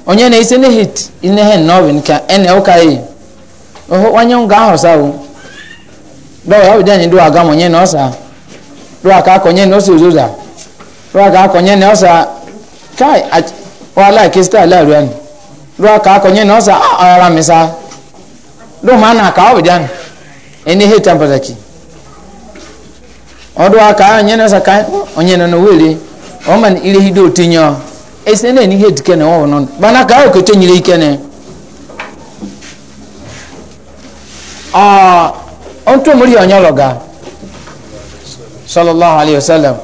onye na hit ine he nobi ene o oho wanye nga ho sawo do ya oja ni do aga mo nye no do aka ko nye no se do aka ko nye no kai wala kista la ruan do aka ko nye no ara mi sa do mana ka oja ni ene he tampataki ọdụ aka onye na saka onye na na wele ọma na ile hido tinye ọ esi na ihe dike na ọwụ nọ mana ka ahụ keche nyere ike na ọtụ omori onye ọlọga sallallahu alaihi wasallam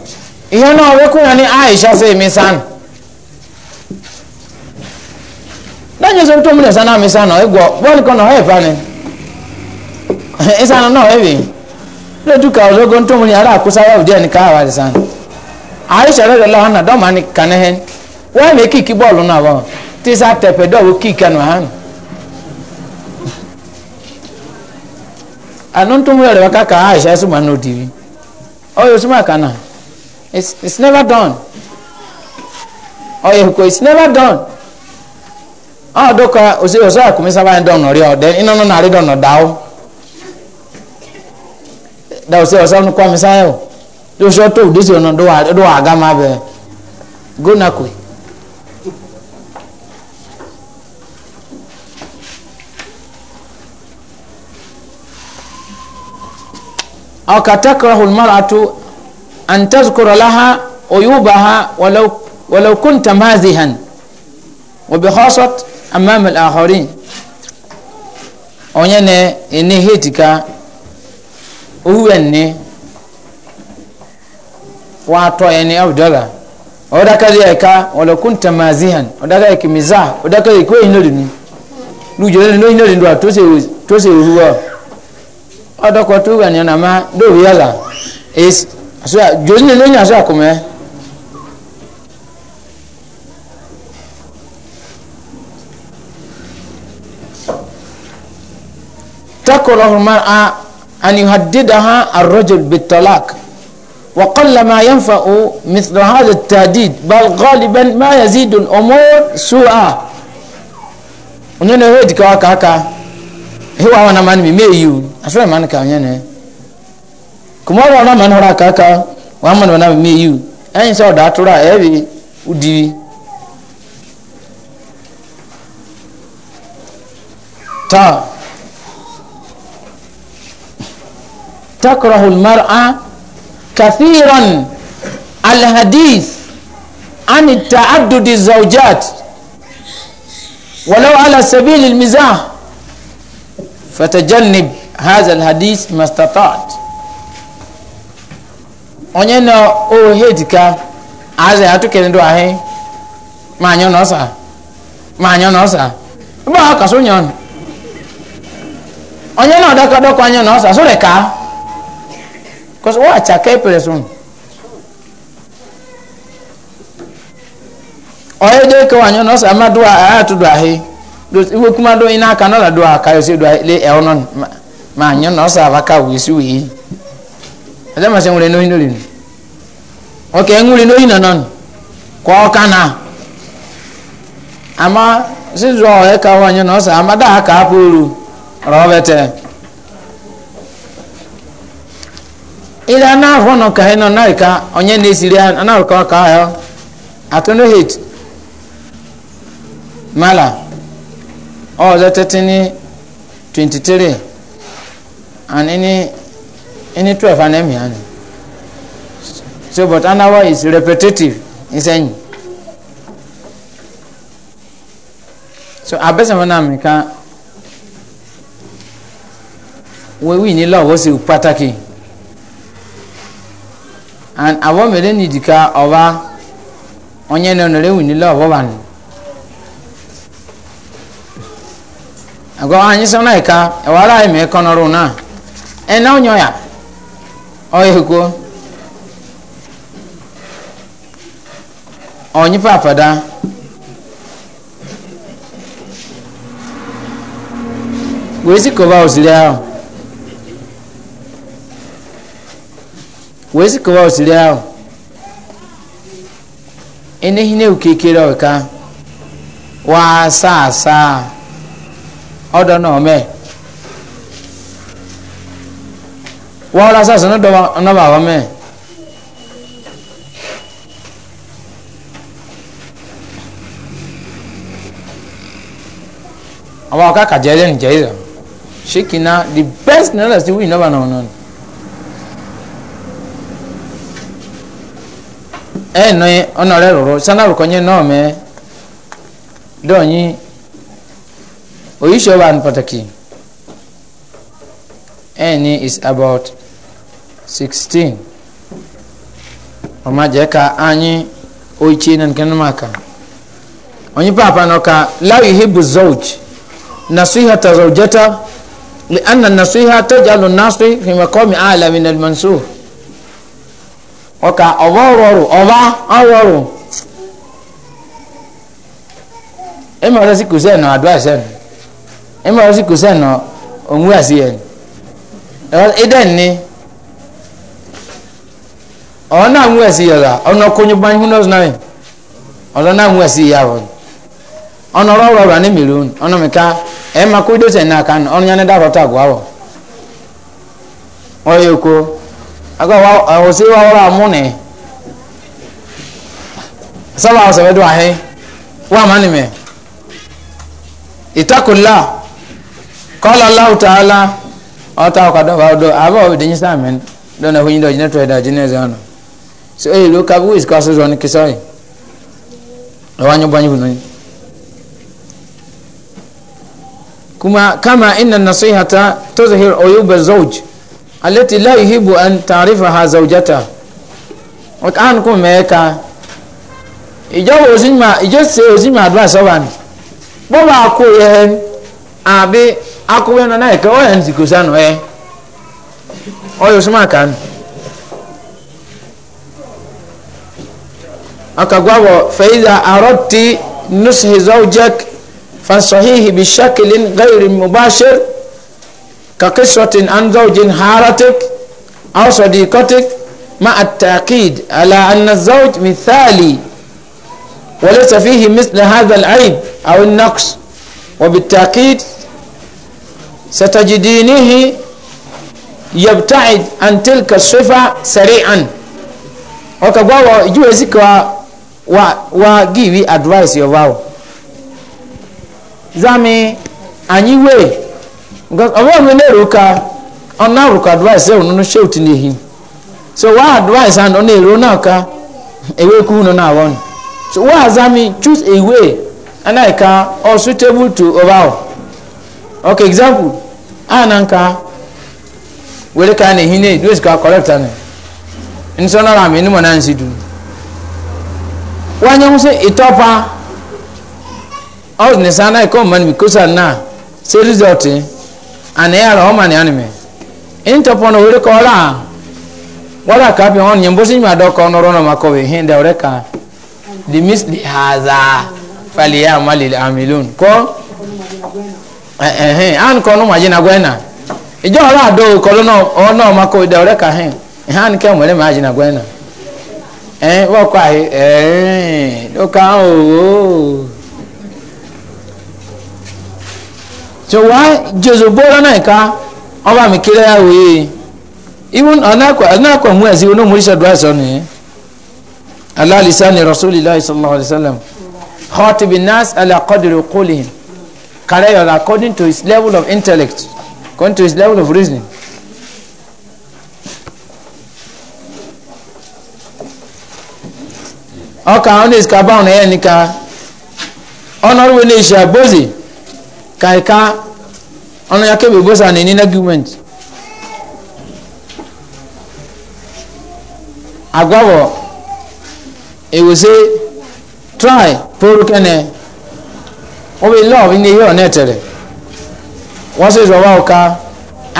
ihe na ọrụ kwụnya ni aisha sị misan danye so ntụ omori ọsa na misan ọ ịgwọ bọọlụ kọ na ọ ịfa ni ịsa na ọ ịbi ló duka ọzọgọ tó mu ni ara akusawa ọdí ẹni káwa rẹ sani aisha rẹ lọ hàn dọ́ọ̀mà ni kanahẹ wọ́n mi kíkì bọ́ọ̀lù náà wọ́n tí sá tẹ̀pẹ̀ dọ́ọ̀wọ́ kíkì ẹnu hàn. ànú tó mu rẹ̀ wọ́n kàkà aisha ẹ̀ sùnmọ́ ní òdìrí ọ̀yọ̀ sùnmọ́ kànà it's it's never done ọ̀yọ̀ kò it's never done ọ̀ọ́dọ́kọ̀ ọ̀sẹ̀ ọ̀sẹ̀ àkùnmí sábà ń dọ̀nà rí ọ̀ da ose ose onu kwa misayo do sho to disi ono do do aga ma be go na kwe aw katakrahu almar'atu an tazkura laha uyubaha walau walau kunta mazihan wa bi khasat amama al-akharin onyene ini hitika ohuwen ni wato yani abu dala oda kazi ya ka wala kunta mazihan oda kazi ki mizah oda kazi ko ino dini lu jere no ino dini to se to se ruwa oda ko tu gan yana ma do yala is so jori no nya so akome takola hurma a أن يهددها الرجل بالطلاق وقل ما ينفع مثل هذا التهديد بل غالبا ما يزيد الأمور سوءا ونحن هيد كواكا هكا هو أنا من بميو أشوف ما أنا كامينة كمارا أنا من هراكا هكا وأنا من بميو أين سو داتورا أبي ودي تا تكره المرأة كثيرا الحديث عن التعدد الزوجات ولو على سبيل المزاح فتجنب هذا الحديث ما استطعت onye na o hedika aze hatu kene do ahe ma anyo no sa ma anyo no sa ba ka so nyon onye na odaka do kwa anyo sa so ka Because what a care person. Oye de ko anyo no sa ma a to do ahe. Do iwe kuma do ina aka no la do ka yo se le e ono ma anyo no sa ba ka wi su yi. Ada ma se no Okay no non. Ko na Ama e ka wanyo no sa ma da ile anahu no ka hino naika onye na esiri anahu ka ka yo atono hit mala o za tetini 23 and any any 12 and em yani so but anawa is repetitive isany so abesa mana mi ka wewi ni lọ́wọ́ sí pàtàkì. and abụọ mere n'idika ọba onye nọ ọnọrọ ewu nílẹ agọ anyị sọ na ịka ewara anyị ma ịkọ n'ọrụ na ịna onye ya ọya ekwuo onye papada wee si kọba osiri ahụ wezi kowa osiri ahụ enehi na okekere e ọka waa asaa asaa ọdọ na ome wa ọrụ asaa asaa na ọdọ na ọba ome ọba ọka ka jere njẹ ịzọ shikina the best na ọdọ si wi n'ọba nọ ọnụ. ene onore roro sana ro konye no me donyi oyisho ban pataki ene is about 16 oma je ka anyi oichi nan kan maka onyi papa no ka la yuhibu zawj nasihata zawjata li anna nasiha tajalu nasi fi maqami ala min al mansur ọka ọba ọrụ ọrụ ọba ọrụ ọrụ eme ọsọ si kusen nọ adọ ase nọ eme ọsọ si kusen nọ onwe ase yẹ ịdị nni ọ na anwụ ase ya la ọ na ọkụ onye gbanye hụ n'ọzọ naanị ọ na anwụ ase ya ọ na ọrụ ọrụ ọrụ na mmiri unu ọ na mmeka ẹ ma kụ idosa n'aka nọ ọ na ya na edabata ahụ ọtọ agwa ahụ ọ ya okwu. aga wa ose wa wara amune sala wa sabedu ahe wa mani me itakulla qala allah ta'ala ata ka do do aba o de nyisa men do na hunyi do jina to da jina zano so e lo ka bu is ka so zon kisai wa nyu banyu no kuma kama inna nasihata tuzhir uyub az-zawj التي لا يحب أن تعرفها زوجته وكان كون ميكا إجا وزين ما إجا سي وزين ما أدواء سوان بابا أكو يهن أبي أكو يهن أنا إكا وين زيكو سانو إيه أو يسمع كان أكاقوا فإذا أردت نصح زوجك فانصحيه بشكل غير مباشر كقصة عن زوج هارتك أو صديقتك مع التأكيد على أن الزوج مثالي وليس فيه مثل هذا العيب أو النقص وبالتأكيد ستجدينه يبتعد عن تلك الصفة سريعا وكبوا يجوزك و و give advice your vow because ọba mi na ero ka ọ na arụkọ advice ẹ ọnụnụ shew tinyehi so wa advice and ọ na ero ka ewe kwu unu na awọ so wa azami choose a way anaghị ka ọ suitable to ọba ahụ ok example a nka were ka na-ehi na edu ka correct anyị nsọ nọrọ amị ịnụmọ na nsi du wanye nwụsị ịtọpa ọ dị n'isa anaghị ka ọ mmanụ na se result ana ya ra homa ni anime into pono wuri ko ra wala ka bi on nyimbo sin ma do ko no rono makobe hinde oreka limisli hadha falyamal lil amilun ko eh eh, eh. an ko no majina gwena ijo ra do ko no ono makobe de oreka hen eh. eh, han ke mo le majina gwena eh wo kwa eh do ka o oh, oh. So why Jesus bora na ka ọba mi kiri ya wee even anakwa anakwa mu ẹsi ono mu isa dua sọ ni alalisa ni rasulillahi sallallahu alaihi wa sallam hot bin nas ala qadri qulihim kare yọ according to his level of intellect according to his level of reasoning. ọkà ọ̀nà ìsìkà báwọn ẹ̀yẹ nìkan ọ̀nà orí wo ni ìṣe àgbóze. kaika ọnụ ya kebe bosa na enina gọọmenti agwabọ ewese try poro kene obi love ni ihe ọ na-etere wọ́n sì zọ̀wọ́ ọ̀ka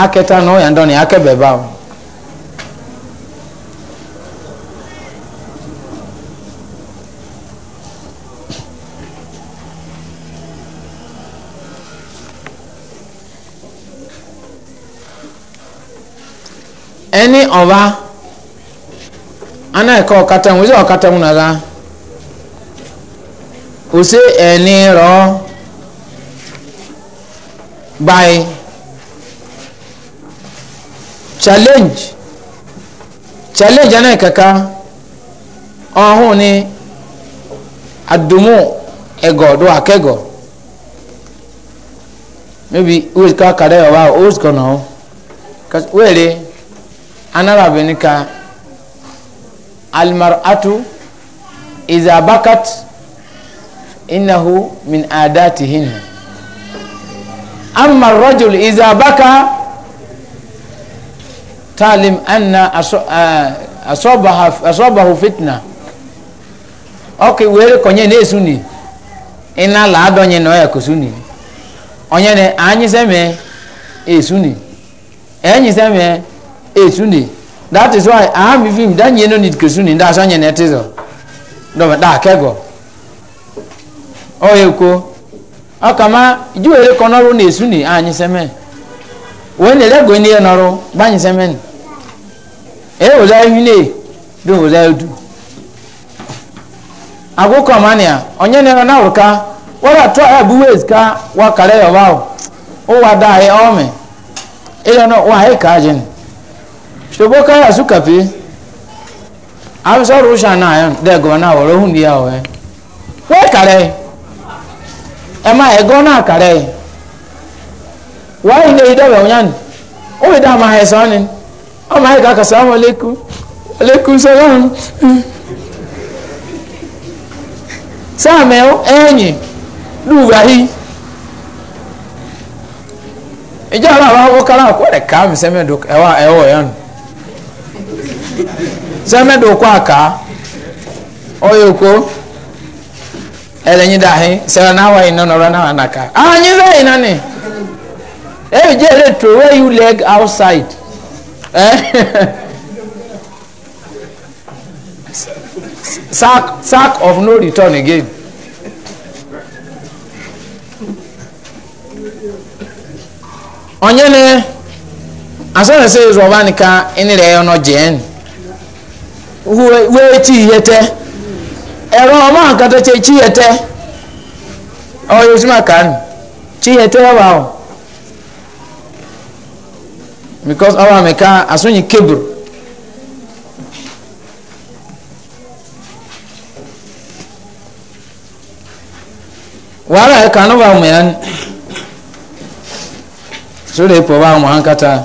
akẹta náà yà ń dọ́ni akẹ́bẹ̀ báwọn. ẹni ọba anáyẹkọ ọkata mu ẹsẹ ọkata mu nàdá ose ẹni rọ by challenge challenge anáyẹkẹka ọhụụ ni adumu ẹgọ do akẹgọ maybe wíìsì ká kàdé ọba ó sì kọ anara benika almar'atu iza bakat innahu min adatihinna amma rajul iza baka talim anna asobahu eh, fitna ok were konye ne suni ina la adonye no ya kusuni onye ne anyi seme esuni enyi seme esuni that is why ahami film dan yeno need kesuni nda asanye netizo ndo da kego oyeko akama juwere konoru na esuni anyi seme wene lego ni enoru gbanyi seme ni e oza ihune do oza edu agwụkọ mania onye na-ere na ụrụka wara tụọ ya bụ wez ka wakara ya ọbaụ ụwa daa ya ome ịrịọ na ụwa ha ka ajị shobo kaya suka fi am so rusha na yan de go na woro hun dia o e we kare e ma e go na kare wa ile ida we yan o we da ni o ma ka ka salam alaikum alaikum salam sameo enyi duvahi ijara wa ko kala ko de kam se me do e wa e o sɛmɛ do kɔ aka ɔyɛ ko ɛlɛnyi da he sɛlɛ na wa yina nɔrɔ na wa na ka anyi ah, sɛ yina ni ebi eh, jɛ ɛlɛ to where you leg outside eh? sack sack of no return again. onye ne asọ na-ese ịzụ ọba nka ịnịrị ya ọnọ jeen wee chi yete eh? ẹ̀rọ ọmọ àkàtà ṣe chi yete eh? ọyọ sí màkà nù chi yete eh, wà o because ọwọ àmìká àsúnyìn kébùrù wàhálà ẹ̀ka ní wà mìíràn sórí ipò wà wọn àkàtà.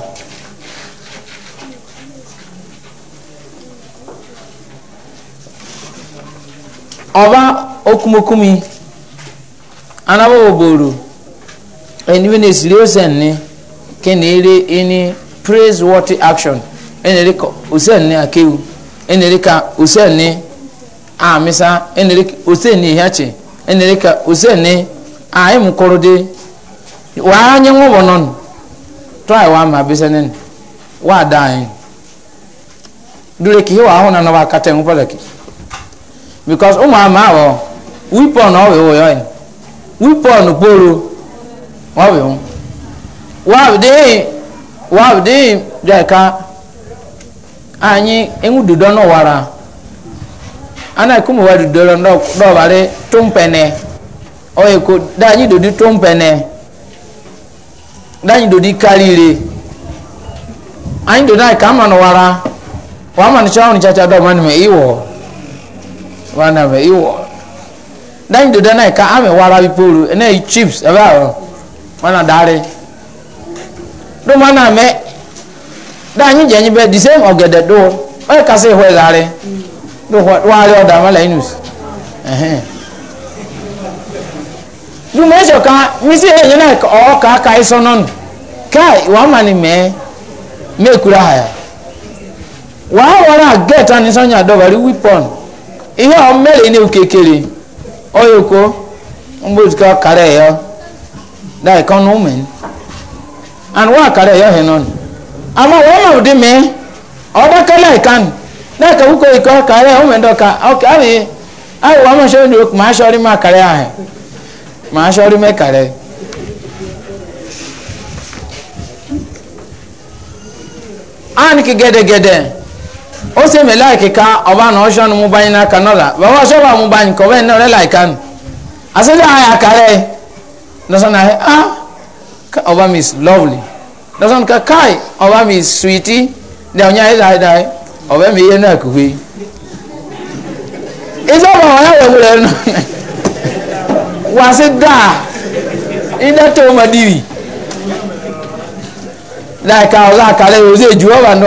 ọba okumokumi anabo oboro ẹni bi na esiri osen ni ke na ere ẹni praise worthy action ẹni ere ka osen ni akewu ẹni ere ka osen ni amisa ẹni ere ka osen ni ihachi ẹni ere ka osen ni ahim korode wàá anyi nwọbọ nọ nù tọ́ àìwá ma bẹ́sẹ̀ nínú wàá dáa yín dúró kìí wàá hùn nánà wàá kàtẹ́ ń pàtàkì. because ụmụ ama ahụ wipon ọwịwụ ya ọyị wipon kporo ọwịwụ wabidi wabidi dịka anyị enwududo n'ụwara anaghịkwa dudoro n'ọbara tumpene ọyịkụ danyi dodi tumpene danyi dodi karịrị anyị dodo anyị ka ama n'ụwara wa ama n'ịchọ ọhụrụ chacha dọọ ma nime iwọ wana me iwo dan do dan ka ame wala bi poro na i chips e ba wana dare do mana me dani nyi je nyi be the do e ka se ho dare do ho wa yo da mala inus eh do me so ka mi se e na ka o ka ka iso kai wa mani me me kura haya wa wara get ni isonya do bari weapon ihe ọmụ mere na ukekere oyoko mgbojuka kara ya na umen and wa kara eyo he non ama wọn ma dị mee ọdakala ikan na ka wuko ikọ kara eyo umen dọka ọkụ abị ayi wa ma ni oku ma shori ma kara ahụ ma shori me kara eyo and ki gẹdẹgẹdẹ. O sì me like kan ọba na ọ̀ṣọ́ ni mo aka yín náà ọsọ ọba bàbá ọ̀ṣọ́ bá mo bá yín kọ́ bẹ́ẹ̀ náà láìka nù àwọn àkàrẹ́ ọba mi is lovely lọ́sọ̀nà ká ọba mi is sweetie ní ọ̀nyá yìí dáadáa ọ̀bẹ mi ihe náà kúwe rẹ̀ wúlẹ̀ nù sí dáa ilé tó o ma láìka àkàrẹ́ jù nù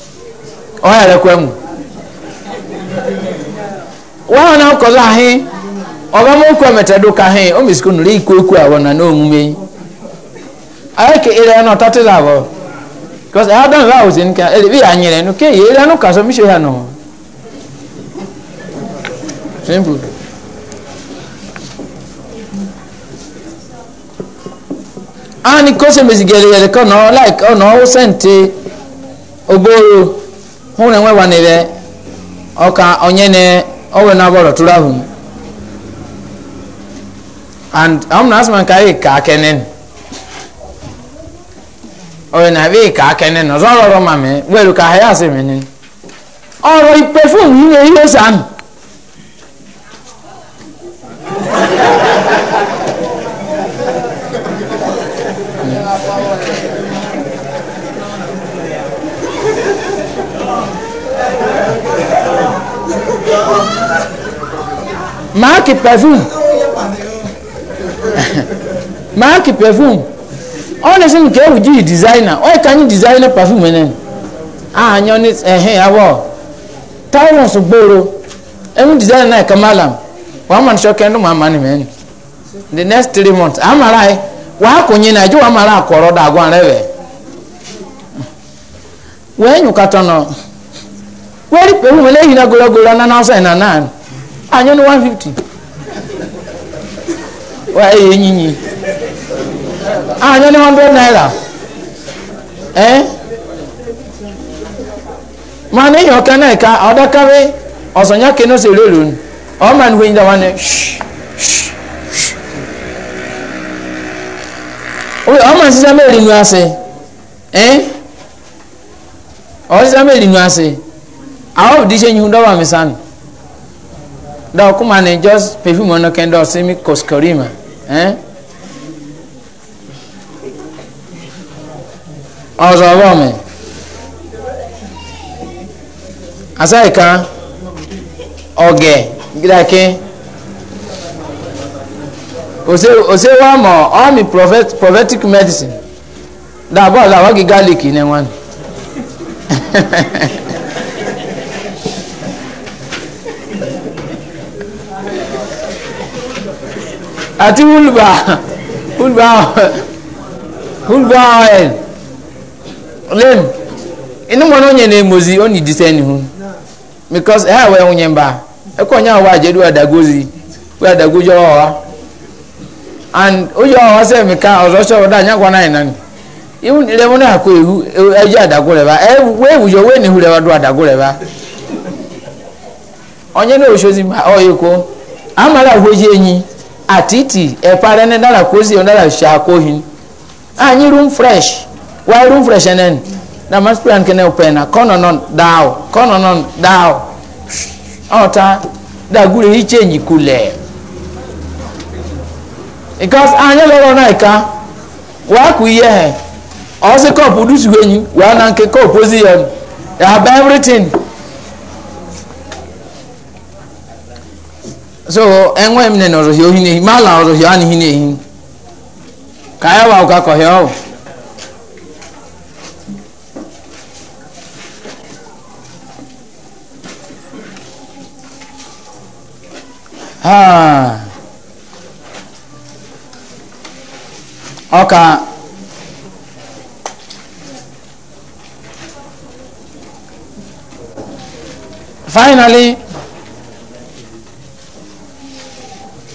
ọ̀hẹ́ rẹ̀ kọ́ ẹ̀mù wọ́n hàn náà kọ́lá hín ọ̀gá mú kọ́ ahị o ó mi sùkúrù rí ikú ikú àwọn náà òun mi ayé ke ilẹ̀ náà tọ́tí làbọ̀ because ẹ̀yà dán ìlú àwòsí nìkan ya bí ànyìn rẹ̀ nù kéèyè ilẹ̀ nù simple. hụrụ enwe wanire ọka onye na owe na bọrọ tụrụ ahụ and ọ na asị ka anyị ka akene owe na abịa ka akene ọzọ ọrụ ọrụ ma mee welu ka ahịa asị mee ọrụ ipe fon ihe ihe san Marque perfume. perfume. Ọ na-esi nke ewu ji dizaina. Ọ ka anyị dizaina perfume ene. Anyọ ni ehe awọ. Tyrants gboro. Emu dizaina na kamala. Wa man shoke ndo mama ni men. The next three months. Amara e. Wa kunye na ju amara akọrọ da agwa rewe. Wee Wee ri le goro na na ọsọ na na. anyɛ no one fifty wa ɛyɛ nyinyi anyɛ no hundred naira ɛn eh? maa ne yɛ ɔka náà ɛka ɔdaka bi ɔsɔnya kene ɔsɛ lolo no ɔma no hɔnyi da wa ne shh shh shh ɔma sisan bɛ rinu ase ɛn eh? ɔsisan bɛ rinu ase awɔ di se nyi dɔwɔ mi sani dɔw kuma ni just perfume ɔnɔ kɛn dɔw simi koskori ma ɛn ɔzɔbɔ mi asayi kan ɔgɛ gidake ose ose wa mɔ ɔmi prophetic medicine dabɔ la wagi garlic ne wani. àti wúlùbà wúlùbà wúlùbà ẹ̀ lẹ́nu onye na-emozi ọ na because ha nye mba ahụ ajedu adagozi wee adagozi ọha and onye ọha sị emeka ọzọ chọrọ ọdọ anya gwana anyị nanị iwu nile na-akụ ehu wee onye na ma ọ amala atiti ɛpare ne dara kosi o dara hyɛ akohin anyi room fresh why room fresh ɛnɛn na maspiran kene o pɛn na kɔnɔnɔn daaw kɔnɔnɔn daaw ɔta dagure yi change kulɛ because anyi lɔrɔ na ika wa ku yɛ ɔsi kɔpu dusu enyi wa nanke kɔpu ozi yɛ you have everything. so enwe mne na ọzọ hiohi nehi mala ọzọ hio anihi nehi ka ya wa ụka kọ hio ọka finally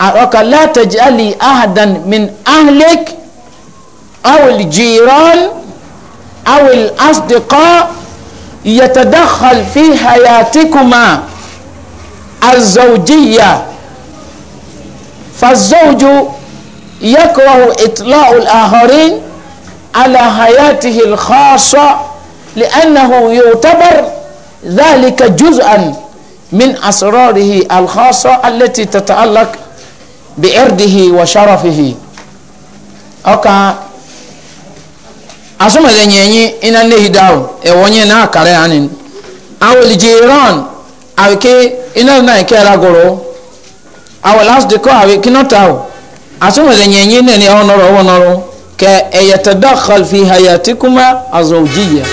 أراك لا تجعلي أحدا من أهلك أو الجيران أو الأصدقاء يتدخل في حياتكما الزوجية فالزوج يكره إطلاع الآخرين على حياته الخاصة لأنه يعتبر ذلك جزءا من أسراره الخاصة التي تتعلق Bi bi'irdihi wa sharafihi oka asumale nyenyi ina nehi dawo ewonye na akare anin awol jiran awike ina na ikera goro awol asdiko awike notawo asumale nyenyi ne ne onoro onoro ke eyatadakhal fi hayatikuma azawjiyya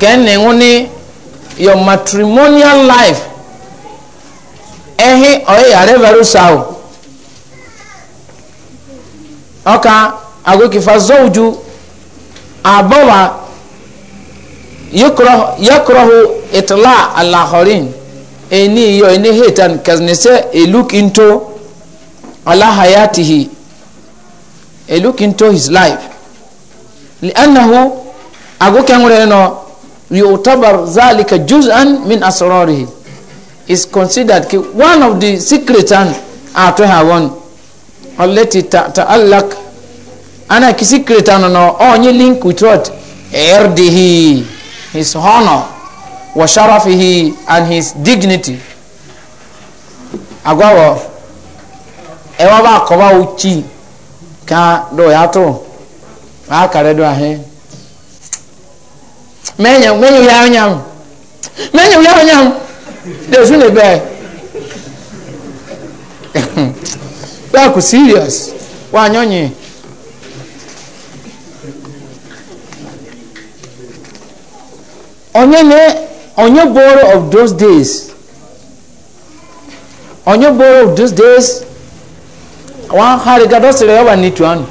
kenne ngoni your matrimonial life ehi oyi areveru saw oka agoki fazawju abawa yukrahu yukrahu itla alahorin eni yo eni hetan kaznese a look into ala hayatihi a look into his life لأنه أقول كم يعتبر ذلك جزءا من أسراره is considered ki one of the secret and ato ha won allati ta'allaq ana ki secret and no onye link with what erdihi his honor wa sharafihi and his dignity agwawo e wa ba ko ba uchi ka do ya to ma kare do ahe menyo menyo ya nyam menyo ya nyam de su le bẹ́ẹ̀ bẹ́ẹ̀ kò serious wà á yọ̀nyìn. onye ne onye boro of those days onye boro of those days wan hari gado sere yoba ni tuan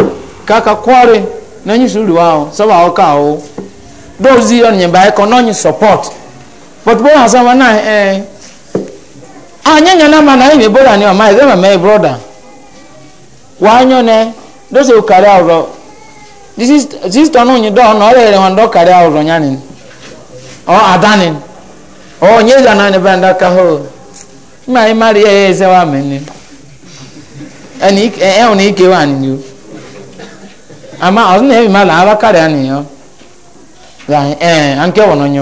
kaka kware Nanyi nyi suru wao so ba oka o dozi on nyemba e kono nyi support but bó hàn sáwọn náà ẹ ma na ìwé bóra ni ọmọ ẹgbẹ́ mẹ́mẹ́ ẹ broda wàá nyọ nẹ lọ́sẹ̀ ò kárí àwòrán sísítọ̀ náà yìí dọ́ọ̀ náà ọ̀rẹ́ rẹ̀ wọn dọ́ kárí àwòrán yánni ọ àdáni ọ nyé ìlànà mma ni e e, e, ike eh, anyị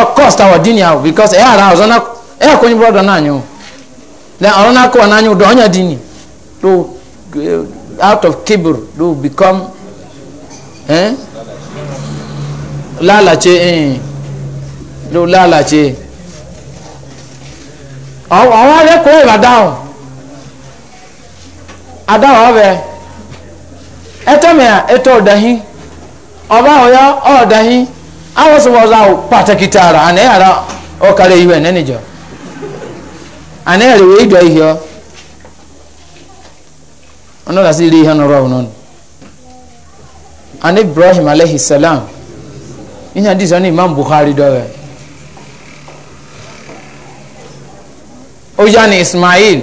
do cost our dinner because air house ona air ko ni brother na na ona ko dini do out of kibr do become eh lalace eh do lalace àwọn arẹ kó ìwà dáhùn adáhùn ọbẹ ẹtẹmẹ ẹtọ ọdahin ọba awo so wɔza awo pàtàkì taara ana yàrá ɔkara yi wɛ nani jɔ ana yàrá wei dɔ yi hɔ ɔno la si ri hɛ no rɔb non ibrahim alayhi salam ina di sɔ imam buhari dɔ wɛ o ismail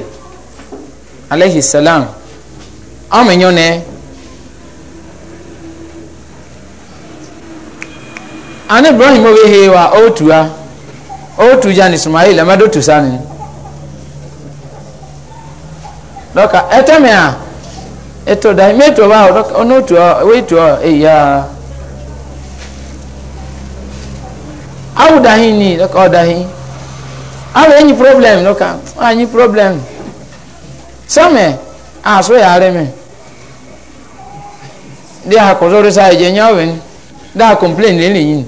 alayhi salam ɔmɛ Ane ibrahim oge he wa otu a otu ni ismail amado tu sani dɔka ɛtɛmɛ a ɛtɔ da ime etu ɔba dɔka ɔno otu ɔ owe etu ɔ eya awu dahi ni dɔka ɔdahi awu enyi problem dɔka anyi problem sɛmɛ aso yaare mɛ de akɔsɔrɔ sa ɛdze e nyawɛ da complain lɛ lɛ yin.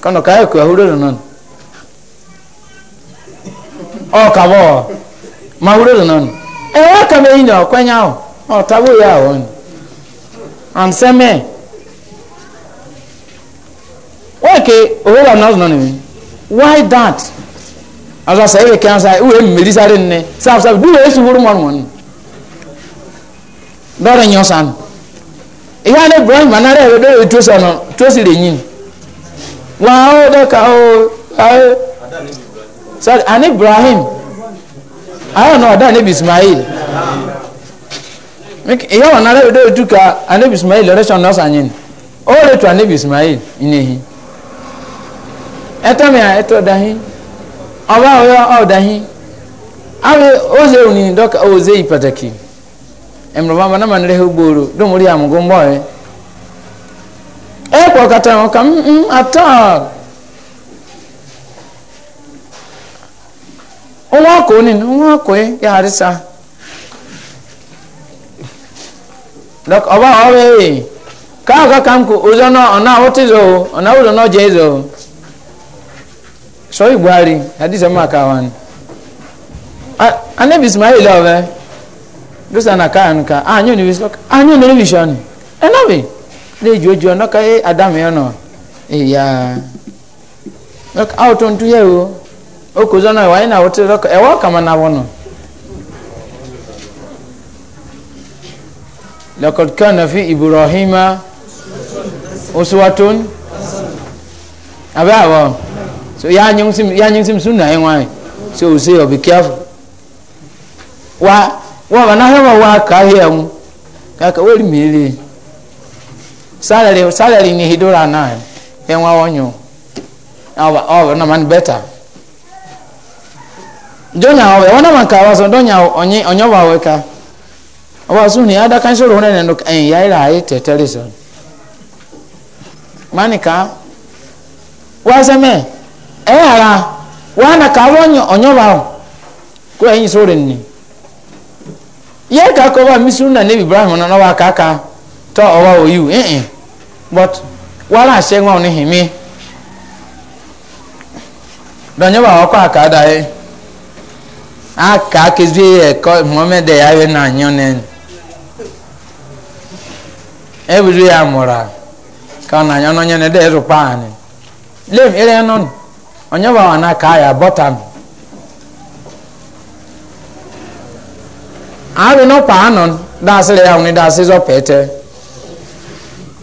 kano kayo kwa hurero non o ọkabụghọ ma hurero non e wa kame o o tabu ya o an seme wake ohura na no ni why that as i say we can say we mmeri sare nne saf saf du yesu huru mon mon dore nyosan we do no si le wàá ó dẹ́ka ó ayé sorry ani ibrahim na ọ̀nà ọ̀dá anabi ismail ìyá wọn náà rẹ̀ otu ka anabi ismail ọrịa nọ́ọ̀sì anyin ó oh, rẹ̀ tu anabi ismail ìnìyí ẹtọ́ mi à ẹtọ́ dahin ọba ọ̀yọ́ ọ̀ dahin awi oze òní dọ́ka oze yìí pàtàkì ẹ̀mùrọ̀mọ́ bá náà mà nílẹ̀ hó gbòòrò dóòmù àmùgọ́ mbọ́ yẹn. ekwa ka ọka m ata nwa akụ onye nwa akụ ya harịsa ọba ọrụ ewe ka aka ka m kwụ ụzọ nọ ọ na-ahụta ịzọ ọ na-ahụzọ nọ jee ịzọ sọ igbari hadisa mma ka wan anabi ismail ọbẹ dosa na kaa nka anyụ na ibi sọ anyụ na ibi sọ ni ẹnabi. le jojo no ka e adam yo no e ya ok out on to ye o o ko zo no wa ina wote ro e wa kama na wono لقد كان في إبراهيم أسوة أبا so ya nyung sim ya nyung sim sunna en wai so say be careful wa wa na hewa wa ka he am ka ka wori mele salary salary ni hidora na enwa wonyo awa awa na man better jonya awa wana man kawa so donya onye onye wa weka awa su ni ada kan shoro na ndo en eh, ya ira ai tetere so manika wa seme e eh, ara wana ka wonyo onye wa ko en so ni ye ka ko wa na ne ibrahim na na wa kaka tọ́ ọwọ́ òyìnbó ẹ̀ẹ́n but wàhálà ṣẹ́gun ní hìmí dọ̀nyẹ́bà ọkọ̀ àkàdá a aka kezu ekọ mọ́mẹ́dẹ̀ ya wẹ́ nà nyọ́ ya ẹ̀bùrú yà mọ̀ra kọ́ nà nyọ́ nọ́ nyẹ́ nẹ́ dẹ́ ẹ̀rù pààni lẹ́m ẹ̀rẹ́ nọ́ ọ̀nyẹ́bà wà nà ká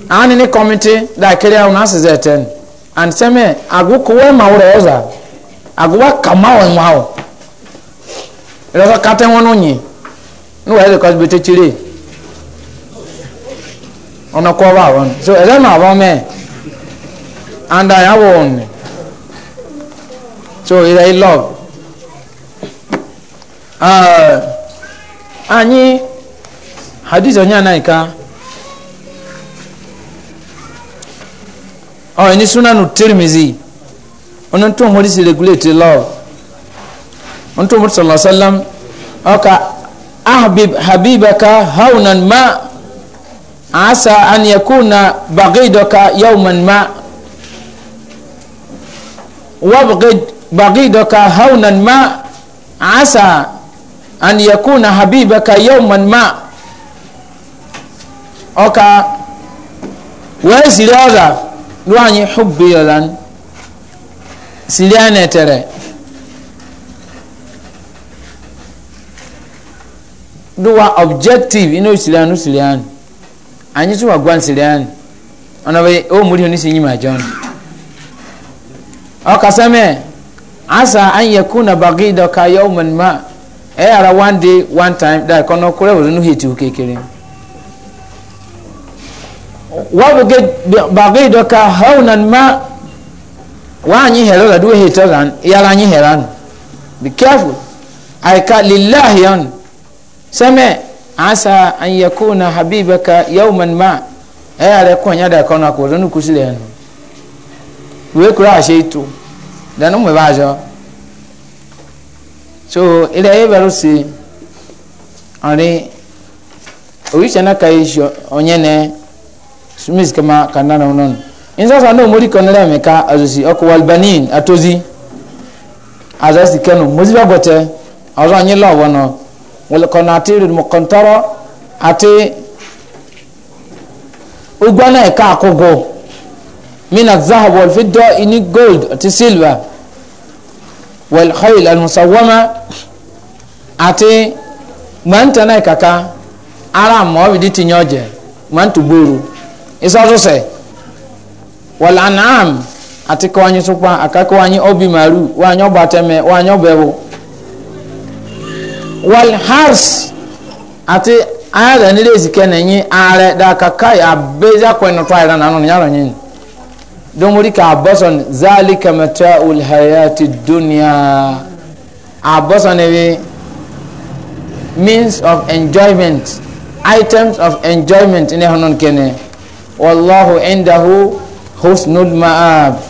ani ni kɔmiti da kiri awo n'asi zɛ tɛn And sɛmɛ agu kowɛ ma wura ɔza agu wa kama wɛ ŋma o ɛlɛsɛ kata wɔn no nyi kɔsi ɔnɔ so ɛdɛ ma wɔn mɛ and i so it i love ah, anyi onye anaghị ka. ọ̀rọ̀ ní sunanu tirimizi ọ̀nà tó ń wọlé sí regulate law ọ̀nà tó ń wọlé sọ̀rọ̀ sálám ọ̀ka ahbib habibaka haunan ma asa an yakuna bagidaka yawman ma wabgid bagidaka haunan ma asa an yakuna habibaka yawman ma ọ̀ka wẹ́ẹ̀sì rẹ̀ ọ̀dà duwanyi hubbi yolan siliane tere duwa objective ino silianu silianu anyi tuwa gwan silianu ona be o muri oni sinyi ma john o kasame asa an yakuna bagidaka yawman ma e ara one day one time da kono kure wo nu hitu kekere wabuge bagido ka haunan ma wanyi hero da duwe hitaran yara nyi heran be careful aika ka lillahi yan same asa an yakuna habibaka yawman ma ayare konya da kona ko zanu kusile yan we kura ashe ito da no bajo so ile e baro si ani oyi chana kai onye ne smith kama kanana non in sasa no muri konera me ka azusi ok walbanin atozi azasi kanu muziba gote azo anyi lo wono wal qanatirul muqantara ati ugwana e ka akogo min azhab wal fidda ini gold ati silver wal khayl al musawwama ati mantana kaka ara mo bi ditinyoje mantu buru isazuse wal an'am ati ko anyi supa akako anyi obi maru wa anyo bateme wa anyo bewo wal hars ati ayada ni lezi kene nyi are da kaka ya beza ko no twa na no nyaro nyi don muri ka aboson zalika mata'ul hayati dunya aboson ewe means of enjoyment items of enjoyment in a honon kene wallahu indahu husnul ma'ab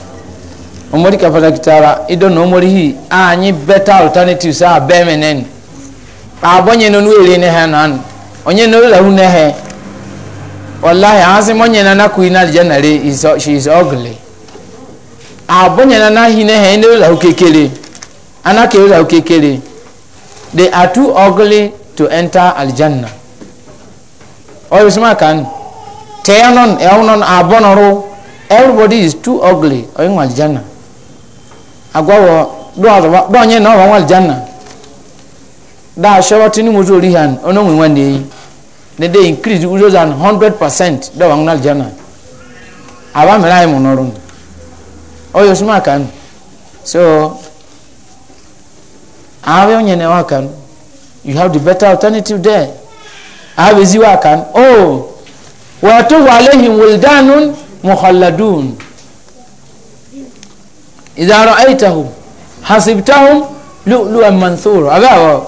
omori kafala kitara ido no omori hi anyi better alternative sa bemenen abonye no nuere ne hanan onye no la hune he wallahi ansi monye na nakuina jenare is she is ugly abonye na na hine he ne la hukekere ana ke la hukekere they are too ugly to enter aljanna oyo sima kan teyanon eonon abonoro everybody is too ugly oyin wal janna agwawo do azo do nye no wal janna da showa tini mu zori han ono mu wan dey ne dey increase uzo than 100% do wan al janna aba mi rai mu norun oyo suma kan so awe onye ne wa kan you have the better alternative there awe ziwa kan oh ويطوف عليهم ولدان مخلدون إذا رأيتهم حسبتهم لؤلؤا منثورا أبا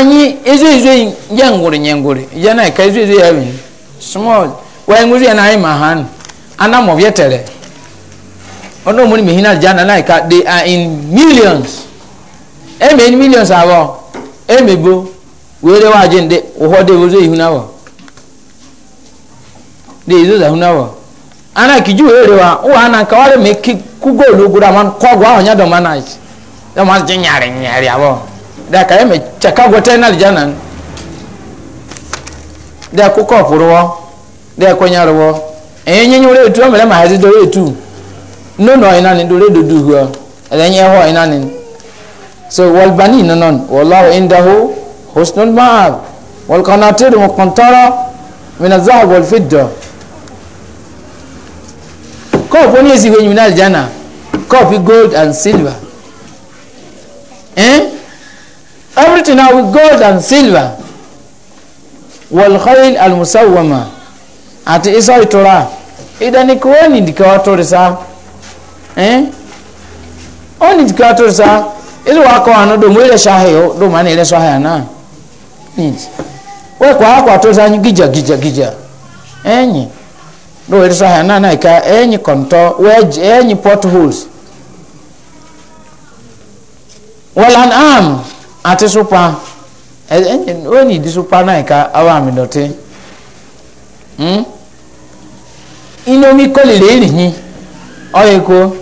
أني إزوي زوي ينغوري ينغوري يانا كإزوي زوي أبين small وينغوري أنا أي مهان أنا مبيتري ono muni mihina jana na ka they are in millions e me in millions abo e me bo were wa jinde wo de wo zo ihuna wo de izo huna hunawa ana kiju ere wa o ana ka wale me ki ku golu gura man ko gwa honya do manaj da man je nyare nyare abo da ka me chaka go tena janan da ku ko furuwa da ko nyaruwa e nyenye ore tu amele ma hazi do ore tu no no ina ni do re do du ho ala e nye ho ina ni so wal bani nanon wallahu indahu husnul ma'ab wal qanatir muqantara min az-zahab wal fiddah cup onye ezi wenye na aljana cup gold and silver eh? everything now with gold and silver wal khayl al musawwama ati isa itura idani kuweni ndikawatorisa eh? oni ndikawatorisa ili wako ano domu ile shaheyo domu ana ile shaheya na nini wekwa hako atorisa gija gija gija enyi eh? do wele sa hana na ka enyi konto wedge enyi potholes wal an am ati supa e, enyi oni di supa na ka awa mi dote hmm inomi kolire ri yin oyeko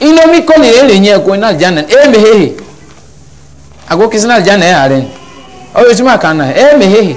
inomi kolire ri yin ko e e na janna eme hehe ago tuma eme hehe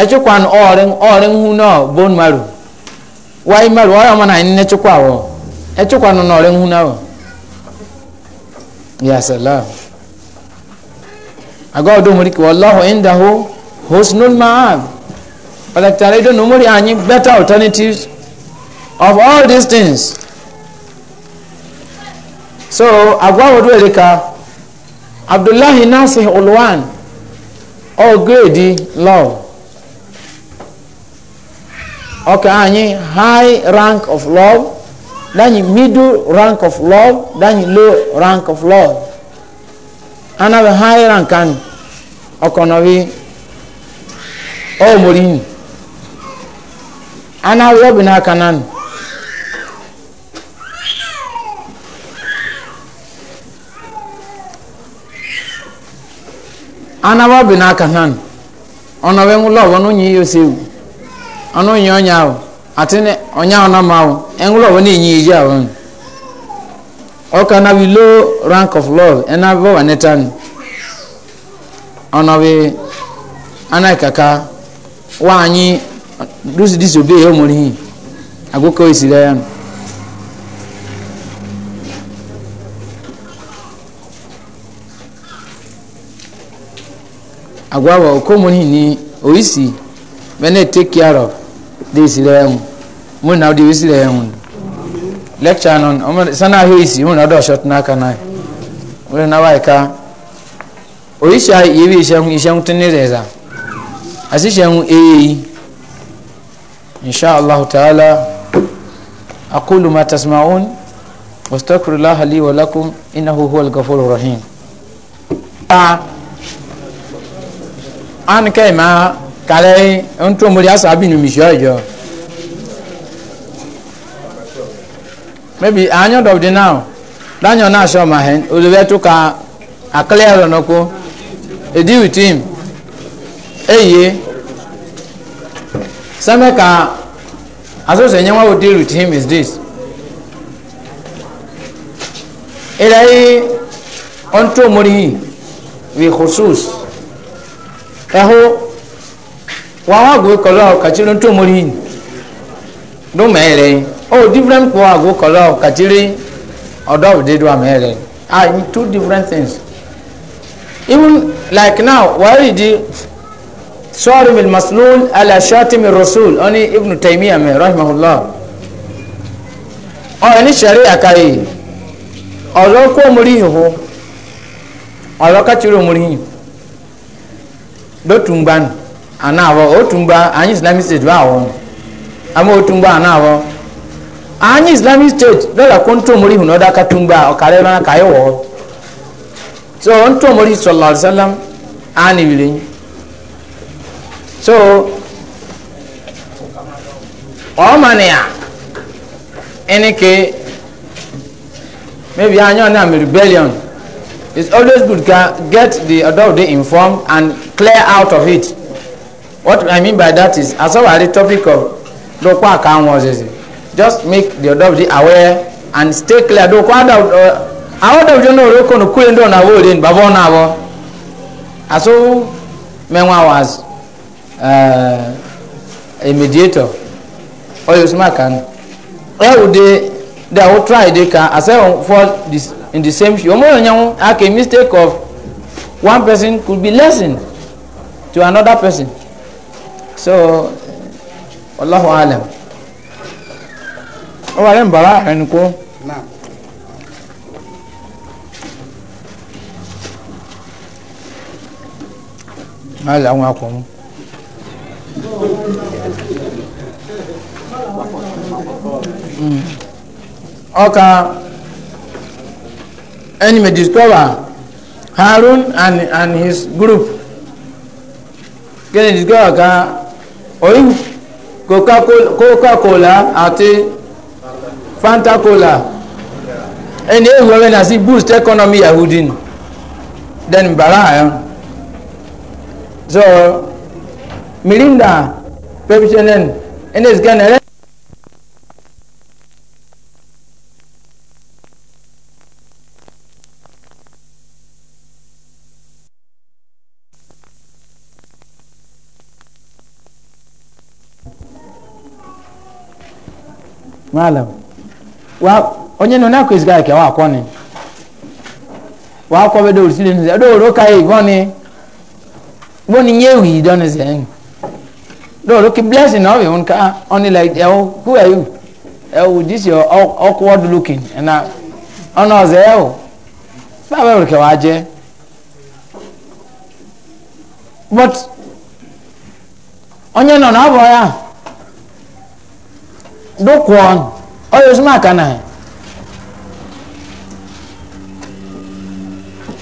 ɛtukwan ɔɔrin ɔɔrin hu nɔ bon maru wayi maru ɔyɛ ɔmo na ɛni n'ɛtukwa wɔ ɛtukwan no ɔɔrin hu na wɔ yasala agaw do muri kiwa ɔlɔho indaho hosnul maab ɔlɛkitare do numuri anyi better alternatives of all these things so agbawo do erika abdullahi nasir olwan ɔgreedi love ọka anyị high rank of love danyi middle rank of love danyi low rank of love anabi high rank ani ọkọnọbi ọmọlini anabi ọbi n'aka nani anabi ọbi n'aka nani ọnọbi ńlọ ọbọ n'onyi yosef. ọnụ onye ọnya ahụ atịnị ọnya ahụ ma ahụ enwụlọ ọbụ na-enye eji ahụ ọka na bi low rank of love ẹna e bọ wà nẹta ni ọna bi anakaka wa anyị dusi disi obi ya ụmụrụ hin agụkọ esi ya no agwa wa okomori hin ni oyisi bẹ na take care of. deesire ɛhu mu na de esire ɛhu lecture no ɔmo sanni ahɛ esi mu na ɔdɔ ɔhyɛ tena aka na wɔn na wa ɛka oyihyɛ a yɛbi ehyɛ ho ehyɛ ho tene rɛza ase tasmaun wastakurilaha li wa lakum innahu huwa rahim. an kai ma kàlẹ́ ntòmòlì asàbìnú mìsíọ́ ìjọ. maybe anyo dɔb di now danyo na ahyɛ ɔma hɛn olùbɛ to ka akilɛ ɛrɔ edi with him eye sɛmɛ ka asosɛ nyɛma wo deal with him is this ɛrɛ yi ɔntu omori yi with ɛho wa wa go kolo ka chiro to mori do mere oh different ko wa go kolo ka chiri odo de do mere ah two different things even like now wa ri di صارم المسلول على شاتم الرسول أني ابن تيمية من رحمه الله أو أني شريعة كاي أو كو مريه هو أو كاتيرو مريه دو تنبان anawọ otumba anyị islamic state bụ awọ ama otumba anawọ anyị islamic state lọ́la kó ntòmori hùn ọ́dá katumba ọ̀kàrẹ́ lọ́la kàyé wọ̀ so ntòmori sọlọ alẹ́sálàm ànì wìlẹ̀ so ọ̀ọ́mànìyà ẹnìkè maybe anyị ọ̀nà àmì rebellion it's always good to get the adult informed and clear out of it what i mean by that is as the topic of doko akan wọn ṣẹṣẹ just make the adoptee aware and stay clear doko adaw àwọn adoptee náà rẹ kọ́nù kúrẹ́ ndọ́ náà wọ́ọ̀rẹ́ ní bàbá ọ̀nà àwọ̀ aso mẹ́wàá was uh, a mediator ọ̀yọ̀ sùnmọ́ àkànnì ẹ̀ wò de de awo try de kan as on fall this in the same shoe omo yanyan ake mistake of one person could be lesson to another person so wallahu alam o wa len bara hen na la wa ko mu ọka may discover harun and and his group kí discover ka. oyin coca-cola àti fanta-cola ẹni èyí wọ́n rẹ̀nà sí boost economy yahudi nù then bàrà àyàn so mirinda pepsi nen ẹni èsì kẹ́ni onye nọ na esiga ike wa akwọ ni wa akwọ ka ya ịbọ ni bọ ni nye ewu idọ ni ki blessing ọ bụ nka like who are you this your awkward looking na ọzọ ka but onye nọ ya. Do dokuon oyo oh, suma kana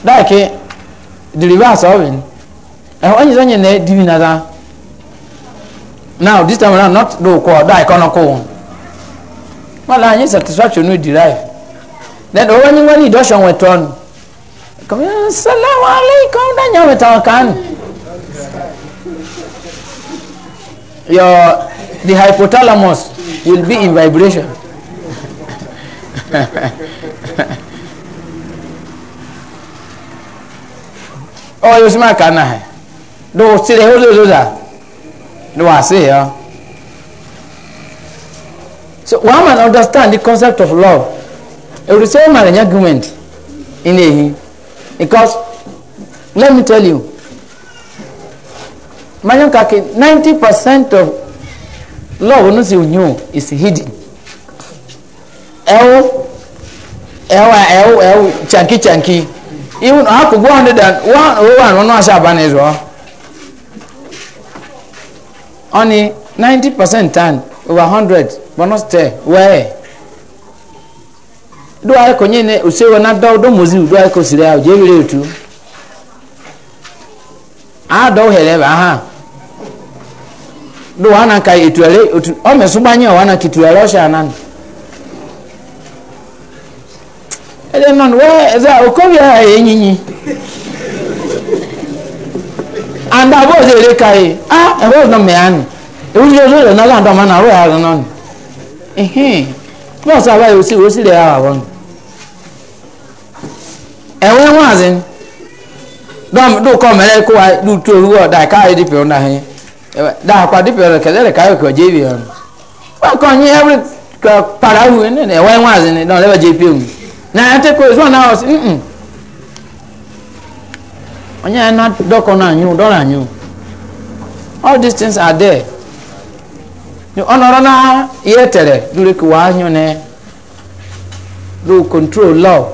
dake the reverse of it eh onyi zonye ne divi na da now this time around not dokuon da ikono ko wala anyi satisfaction no derive then owo ni wani idosho weton kama salamu alaikum da nyawe tawakan your the hypothalamus Will be in vibration. oh, you smart can I? Do you see the whole that? Do I see ya? So one man understand the concept of love. It will say man argument in a because let me tell you, Manyan Kaki, 90% of law no sɛ onyo is hidden ɛwo ɛwo ɛwo ɛwo kyanki kyanki even hako one hundred and one oh one ɔno ahyɛ abane zɔ ɔne ninety percent tan over hundred bɔnɔ tɛ wɛɛ do ayɛ kɔ nye ne osewo na dɔw do mozi do ayɛ kɔ siri a o jɛ wele otu a dɔw hɛlɛ ba ha do wana ka itwele ome subanya wana kitwele osha nan ele non we za okobi ya yenyinyi anda bo ze le kai ah e bo no me an e wi yo lo na la ndo mana ro ya non ehe bo sa ba yo si wo si le ya won e we wa zin dom do ko mele ko wa du to hu da ka e di pe ona hin da kwa dipi ono kedere kayo kwa jivi ono wa konyi every kwa parahu nene wa nwazi ni don leba jipi ono na ate ko so na os mm onya na doko na nyu dora nyu all these things are there you honor na yetere dure ki wa nyu ne do control law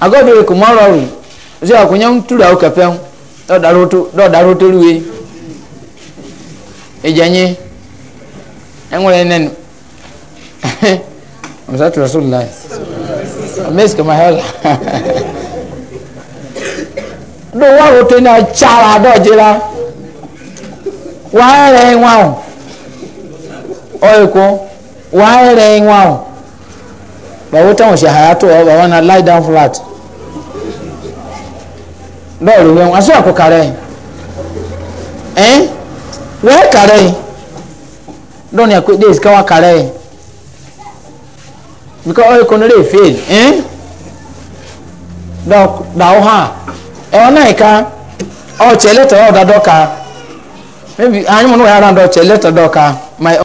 agodo ko moral ri je akunya ntura okapen do daroto do daroto ruwe ejanyi enwere nenu musatu rasulillah amesi kama hela do wa rote na chara do jira wa re nwa o oyeko wa re nwa o ba wota won se hayato o ba wana lie down flat do ri won aso akokare eh wee kare don ya kwede is kawa kare because oil kono dey fail eh dok dawo ha e ona ika e o chele to da doka maybe anyi mo no ya ran do chele to doka my